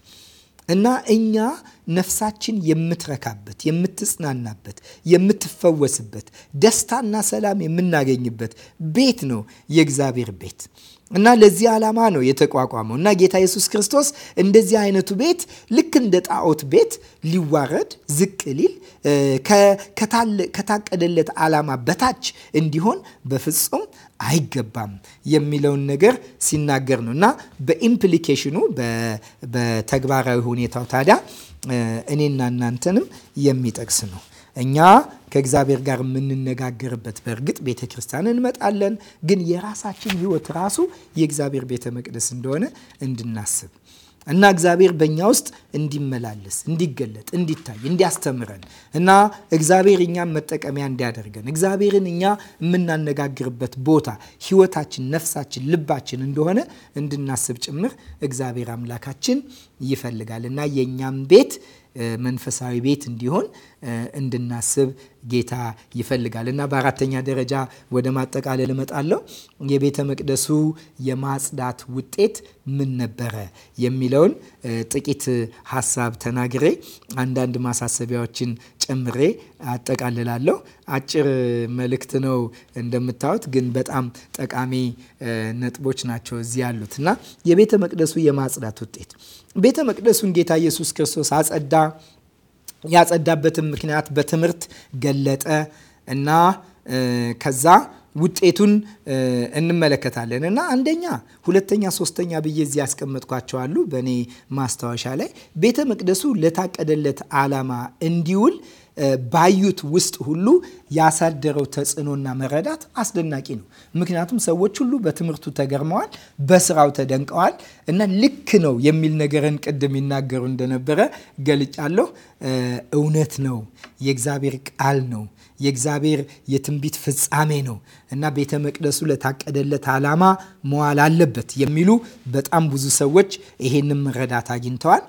እና እኛ ነፍሳችን የምትረካበት፣ የምትጽናናበት፣ የምትፈወስበት፣ ደስታና ሰላም የምናገኝበት ቤት ነው የእግዚአብሔር ቤት። እና ለዚህ ዓላማ ነው የተቋቋመው እና ጌታ ኢየሱስ ክርስቶስ እንደዚህ አይነቱ ቤት ልክ እንደ ጣዖት ቤት ሊዋረድ ዝቅ ሊል ከታቀደለት ዓላማ በታች እንዲሆን በፍጹም አይገባም የሚለውን ነገር ሲናገር ነው እና በኢምፕሊኬሽኑ በተግባራዊ ሁኔታው ታዲያ እኔና እናንተንም የሚጠቅስ ነው። እኛ ከእግዚአብሔር ጋር የምንነጋገርበት በእርግጥ ቤተ ክርስቲያን እንመጣለን፣ ግን የራሳችን ህይወት ራሱ የእግዚአብሔር ቤተ መቅደስ እንደሆነ እንድናስብ እና እግዚአብሔር በእኛ ውስጥ እንዲመላለስ፣ እንዲገለጥ፣ እንዲታይ፣ እንዲያስተምረን እና እግዚአብሔር እኛን መጠቀሚያ እንዲያደርገን እግዚአብሔርን እኛ የምናነጋግርበት ቦታ ህይወታችን፣ ነፍሳችን፣ ልባችን እንደሆነ እንድናስብ ጭምር እግዚአብሔር አምላካችን ይፈልጋል እና የእኛም ቤት መንፈሳዊ ቤት እንዲሆን እንድናስብ ጌታ ይፈልጋል እና በአራተኛ ደረጃ ወደ ማጠቃለል እመጣለሁ። የቤተ መቅደሱ የማጽዳት ውጤት ምን ነበረ የሚለውን ጥቂት ሀሳብ ተናግሬ አንዳንድ ማሳሰቢያዎችን ጨምሬ አጠቃልላለሁ። አጭር መልእክት ነው እንደምታዩት፣ ግን በጣም ጠቃሚ ነጥቦች ናቸው እዚህ ያሉት እና የቤተ መቅደሱ የማጽዳት ውጤት ቤተ መቅደሱን ጌታ ኢየሱስ ክርስቶስ አጸዳ። ያጸዳበትን ምክንያት በትምህርት ገለጠ እና ከዛ ውጤቱን እንመለከታለን እና አንደኛ፣ ሁለተኛ፣ ሶስተኛ ብዬ እዚህ ያስቀመጥኳቸዋሉ በእኔ ማስታወሻ ላይ ቤተ መቅደሱ ለታቀደለት ዓላማ እንዲውል ባዩት ውስጥ ሁሉ ያሳደረው ተጽዕኖና መረዳት አስደናቂ ነው። ምክንያቱም ሰዎች ሁሉ በትምህርቱ ተገርመዋል፣ በስራው ተደንቀዋል እና ልክ ነው የሚል ነገርን ቅድም ይናገሩ እንደነበረ ገልጫለሁ። እውነት ነው፣ የእግዚአብሔር ቃል ነው፣ የእግዚአብሔር የትንቢት ፍጻሜ ነው እና ቤተ መቅደሱ ለታቀደለት ዓላማ መዋል አለበት የሚሉ በጣም ብዙ ሰዎች ይሄንን መረዳት አግኝተዋል።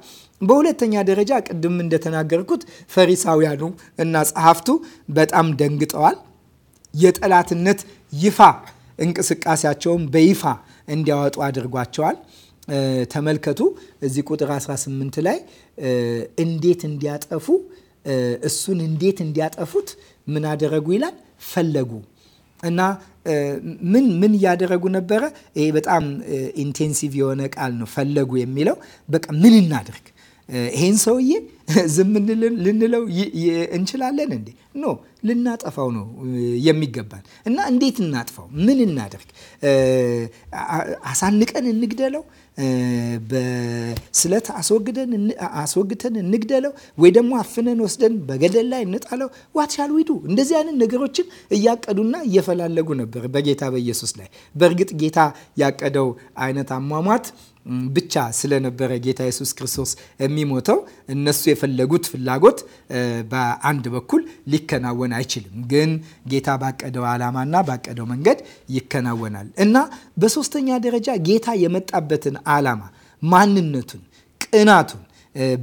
በሁለተኛ ደረጃ ቅድም እንደተናገርኩት ፈሪሳውያኑ እና ጸሐፍቱ በጣም ደንግጠዋል። የጠላትነት ይፋ እንቅስቃሴያቸውን በይፋ እንዲያወጡ አድርጓቸዋል። ተመልከቱ እዚህ ቁጥር 18 ላይ እንዴት እንዲያጠፉ እሱን እንዴት እንዲያጠፉት ምን አደረጉ ይላል ፈለጉ እና ምን ምን እያደረጉ ነበረ? ይሄ በጣም ኢንቴንሲቭ የሆነ ቃል ነው። ፈለጉ የሚለው በቃ ምን እናድርግ ይሄን ሰውዬ ዝም ልንለው እንችላለን እንዴ? ኖ ልናጠፋው ነው የሚገባን። እና እንዴት እናጥፋው? ምን እናደርግ? አሳንቀን እንግደለው? በስለት አስወግተን እንግደለው? ወይ ደግሞ አፍነን ወስደን በገደል ላይ እንጣለው? ዋት ሻል ዊዱ? እንደዚህ አይነት ነገሮችን እያቀዱና እየፈላለጉ ነበር በጌታ በኢየሱስ ላይ። በእርግጥ ጌታ ያቀደው አይነት አሟሟት ብቻ ስለነበረ ጌታ ኢየሱስ ክርስቶስ የሚሞተው እነሱ የፈለጉት ፍላጎት በአንድ በኩል ሊከናወን አይችልም፣ ግን ጌታ ባቀደው ዓላማና ባቀደው መንገድ ይከናወናል እና በሶስተኛ ደረጃ ጌታ የመጣበትን ዓላማ ማንነቱን፣ ቅናቱን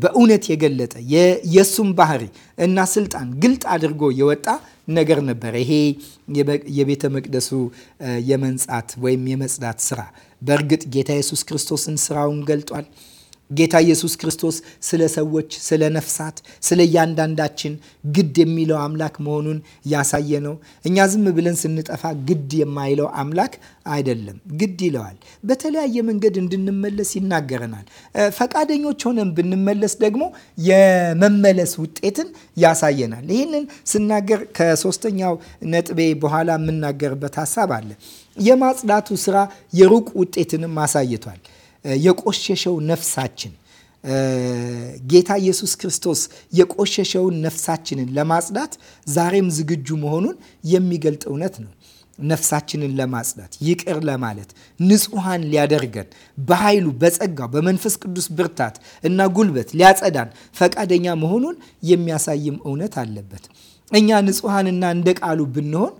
በእውነት የገለጠ የእሱም ባህሪ እና ስልጣን ግልጥ አድርጎ የወጣ ነገር ነበረ። ይሄ የቤተ መቅደሱ የመንጻት ወይም የመጽዳት ስራ በእርግጥ ጌታ ኢየሱስ ክርስቶስን ስራውን ገልጧል። ጌታ ኢየሱስ ክርስቶስ ስለ ሰዎች፣ ስለ ነፍሳት፣ ስለ እያንዳንዳችን ግድ የሚለው አምላክ መሆኑን ያሳየ ነው። እኛ ዝም ብለን ስንጠፋ ግድ የማይለው አምላክ አይደለም፣ ግድ ይለዋል። በተለያየ መንገድ እንድንመለስ ይናገረናል። ፈቃደኞች ሆነን ብንመለስ ደግሞ የመመለስ ውጤትን ያሳየናል። ይህንን ስናገር ከሶስተኛው ነጥቤ በኋላ የምናገርበት ሀሳብ አለ። የማጽዳቱ ስራ የሩቅ ውጤትንም አሳይቷል። የቆሸሸው ነፍሳችን ጌታ ኢየሱስ ክርስቶስ የቆሸሸውን ነፍሳችንን ለማጽዳት ዛሬም ዝግጁ መሆኑን የሚገልጥ እውነት ነው። ነፍሳችንን ለማጽዳት ይቅር ለማለት ንጹሐን ሊያደርገን በኃይሉ በጸጋው በመንፈስ ቅዱስ ብርታት እና ጉልበት ሊያጸዳን ፈቃደኛ መሆኑን የሚያሳይም እውነት አለበት። እኛ ንጹሐንና እንደ ቃሉ ብንሆን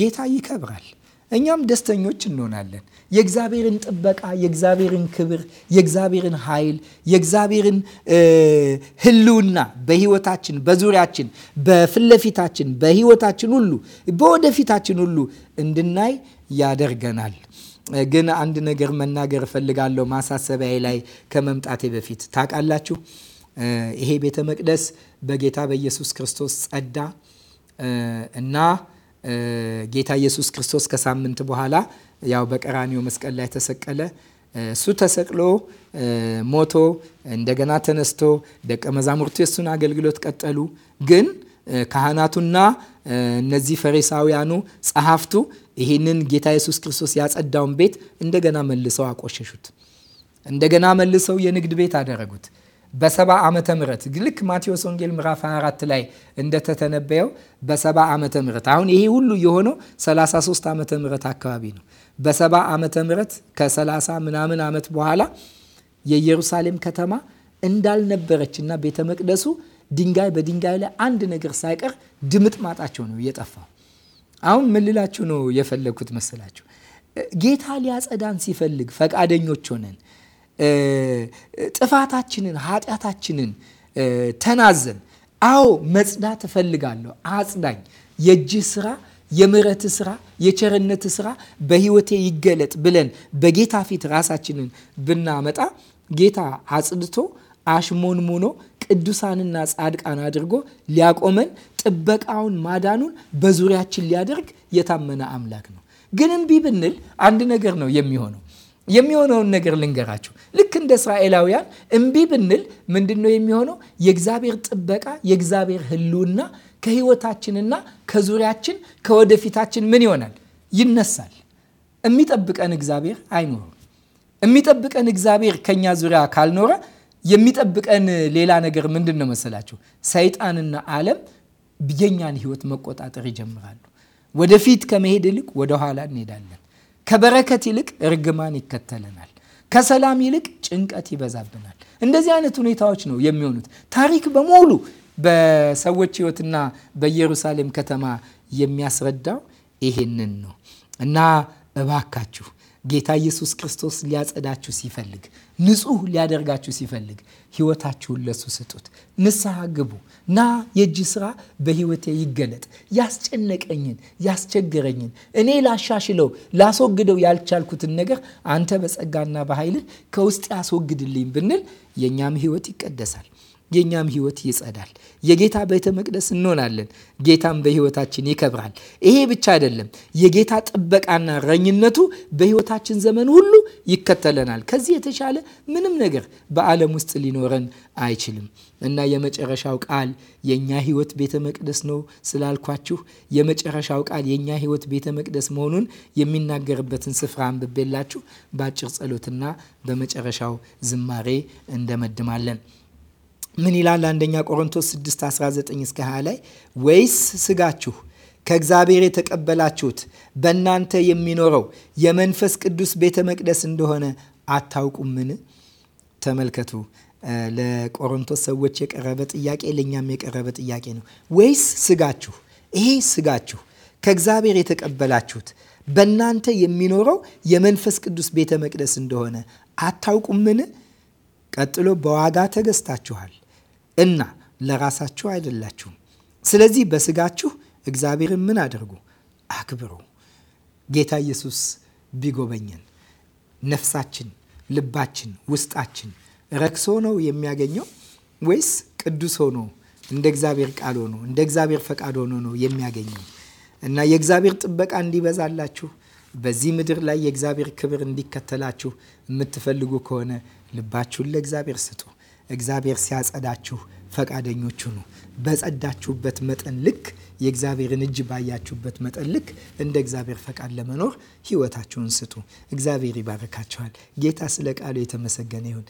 ጌታ ይከብራል። እኛም ደስተኞች እንሆናለን። የእግዚአብሔርን ጥበቃ፣ የእግዚአብሔርን ክብር፣ የእግዚአብሔርን ኃይል፣ የእግዚአብሔርን ሕልውና በህይወታችን፣ በዙሪያችን፣ በፍለፊታችን በህይወታችን ሁሉ በወደፊታችን ሁሉ እንድናይ ያደርገናል። ግን አንድ ነገር መናገር እፈልጋለሁ ማሳሰቢያ ላይ ከመምጣቴ በፊት ታውቃላችሁ፣ ይሄ ቤተ መቅደስ በጌታ በኢየሱስ ክርስቶስ ጸዳ እና ጌታ ኢየሱስ ክርስቶስ ከሳምንት በኋላ ያው በቀራኒው መስቀል ላይ ተሰቀለ። እሱ ተሰቅሎ ሞቶ እንደገና ተነስቶ ደቀ መዛሙርቱ የሱን አገልግሎት ቀጠሉ። ግን ካህናቱና እነዚህ ፈሪሳውያኑ ጸሐፍቱ ይህንን ጌታ ኢየሱስ ክርስቶስ ያጸዳውን ቤት እንደገና መልሰው አቆሸሹት። እንደገና መልሰው የንግድ ቤት አደረጉት። በሰባ ዓመተ ምህረት ልክ ማቴዎስ ወንጌል ምዕራፍ 24 ላይ እንደተተነበየው በሰባ ዓመተ ምህረት አሁን ይሄ ሁሉ የሆነው 33 ዓመተ ምህረት አካባቢ ነው። በሰባ ዓመተ ምህረት ከ30 ምናምን ዓመት በኋላ የኢየሩሳሌም ከተማ እንዳልነበረች እና ቤተ መቅደሱ ድንጋይ በድንጋይ ላይ አንድ ነገር ሳይቀር ድምጥ ማጣቸው ነው የጠፋው። አሁን ምን ልላችሁ ነው የፈለግኩት መሰላችሁ? ጌታ ሊያጸዳን ሲፈልግ ፈቃደኞች ሆነን ጥፋታችንን፣ ኃጢአታችንን ተናዘን፣ አዎ መጽዳት እፈልጋለሁ፣ አጽዳኝ፣ የእጅ ስራ፣ የምረት ስራ፣ የቸርነት ስራ በህይወቴ ይገለጥ ብለን በጌታ ፊት ራሳችንን ብናመጣ ጌታ አጽድቶ አሽሞንሙኖ ቅዱሳንና ጻድቃን አድርጎ ሊያቆመን ጥበቃውን ማዳኑን በዙሪያችን ሊያደርግ የታመነ አምላክ ነው። ግን እምቢ ብንል አንድ ነገር ነው የሚሆነው የሚሆነውን ነገር ልንገራችሁ። ልክ እንደ እስራኤላውያን እምቢ ብንል ምንድን ነው የሚሆነው? የእግዚአብሔር ጥበቃ፣ የእግዚአብሔር ሕልውና ከህይወታችንና ከዙሪያችን ከወደፊታችን ምን ይሆናል? ይነሳል። የሚጠብቀን እግዚአብሔር አይኖርም። የሚጠብቀን እግዚአብሔር ከኛ ዙሪያ ካልኖረ የሚጠብቀን ሌላ ነገር ምንድን ነው መሰላችሁ? ሰይጣንና ዓለም የኛን ህይወት መቆጣጠር ይጀምራሉ። ወደፊት ከመሄድ ይልቅ ወደኋላ እንሄዳለን። ከበረከት ይልቅ እርግማን ይከተለናል። ከሰላም ይልቅ ጭንቀት ይበዛብናል። እንደዚህ አይነት ሁኔታዎች ነው የሚሆኑት። ታሪክ በሙሉ በሰዎች ህይወትና በኢየሩሳሌም ከተማ የሚያስረዳው ይሄንን ነው እና እባካችሁ ጌታ ኢየሱስ ክርስቶስ ሊያጸዳችሁ ሲፈልግ፣ ንጹህ ሊያደርጋችሁ ሲፈልግ ህይወታችሁን ለሱ ስጡት። ንስሐ ግቡ እና የእጅ ስራ በህይወቴ ይገለጥ፣ ያስጨነቀኝን፣ ያስቸገረኝን፣ እኔ ላሻሽለው፣ ላስወግደው ያልቻልኩትን ነገር አንተ በጸጋና በኃይልህ ከውስጥ ያስወግድልኝ ብንል የእኛም ህይወት ይቀደሳል። የእኛም ህይወት ይጸዳል። የጌታ ቤተ መቅደስ እንሆናለን። ጌታም በህይወታችን ይከብራል። ይሄ ብቻ አይደለም። የጌታ ጥበቃና ረኝነቱ በህይወታችን ዘመን ሁሉ ይከተለናል። ከዚህ የተሻለ ምንም ነገር በዓለም ውስጥ ሊኖረን አይችልም እና የመጨረሻው ቃል የእኛ ህይወት ቤተ መቅደስ ነው ስላልኳችሁ የመጨረሻው ቃል የእኛ ህይወት ቤተ መቅደስ መሆኑን የሚናገርበትን ስፍራ አንብቤላችሁ በአጭር ጸሎትና በመጨረሻው ዝማሬ እንደመድማለን። ምን ይላል? አንደኛ ቆሮንቶስ 6 19 እስከ 20 ላይ ወይስ ስጋችሁ ከእግዚአብሔር የተቀበላችሁት በእናንተ የሚኖረው የመንፈስ ቅዱስ ቤተ መቅደስ እንደሆነ አታውቁምን? ተመልከቱ። ለቆሮንቶስ ሰዎች የቀረበ ጥያቄ፣ ለእኛም የቀረበ ጥያቄ ነው። ወይስ ስጋችሁ፣ ይሄ ስጋችሁ ከእግዚአብሔር የተቀበላችሁት በእናንተ የሚኖረው የመንፈስ ቅዱስ ቤተ መቅደስ እንደሆነ አታውቁምን? ቀጥሎ በዋጋ ተገዝታችኋል እና ለራሳችሁ አይደላችሁም። ስለዚህ በስጋችሁ እግዚአብሔርን ምን አድርጉ? አክብሩ። ጌታ ኢየሱስ ቢጎበኘን ነፍሳችን፣ ልባችን፣ ውስጣችን ረክሶ ነው የሚያገኘው ወይስ ቅዱስ ሆኖ እንደ እግዚአብሔር ቃል ሆኖ እንደ እግዚአብሔር ፈቃድ ሆኖ ነው የሚያገኘው? እና የእግዚአብሔር ጥበቃ እንዲበዛላችሁ በዚህ ምድር ላይ የእግዚአብሔር ክብር እንዲከተላችሁ የምትፈልጉ ከሆነ ልባችሁን ለእግዚአብሔር ስጡ። እግዚአብሔር ሲያጸዳችሁ ፈቃደኞች ሁኑ። በጸዳችሁበት መጠን ልክ የእግዚአብሔርን እጅ ባያችሁበት መጠን ልክ እንደ እግዚአብሔር ፈቃድ ለመኖር ህይወታችሁን ስጡ። እግዚአብሔር ይባርካችኋል። ጌታ ስለ ቃሉ የተመሰገነ ይሁን።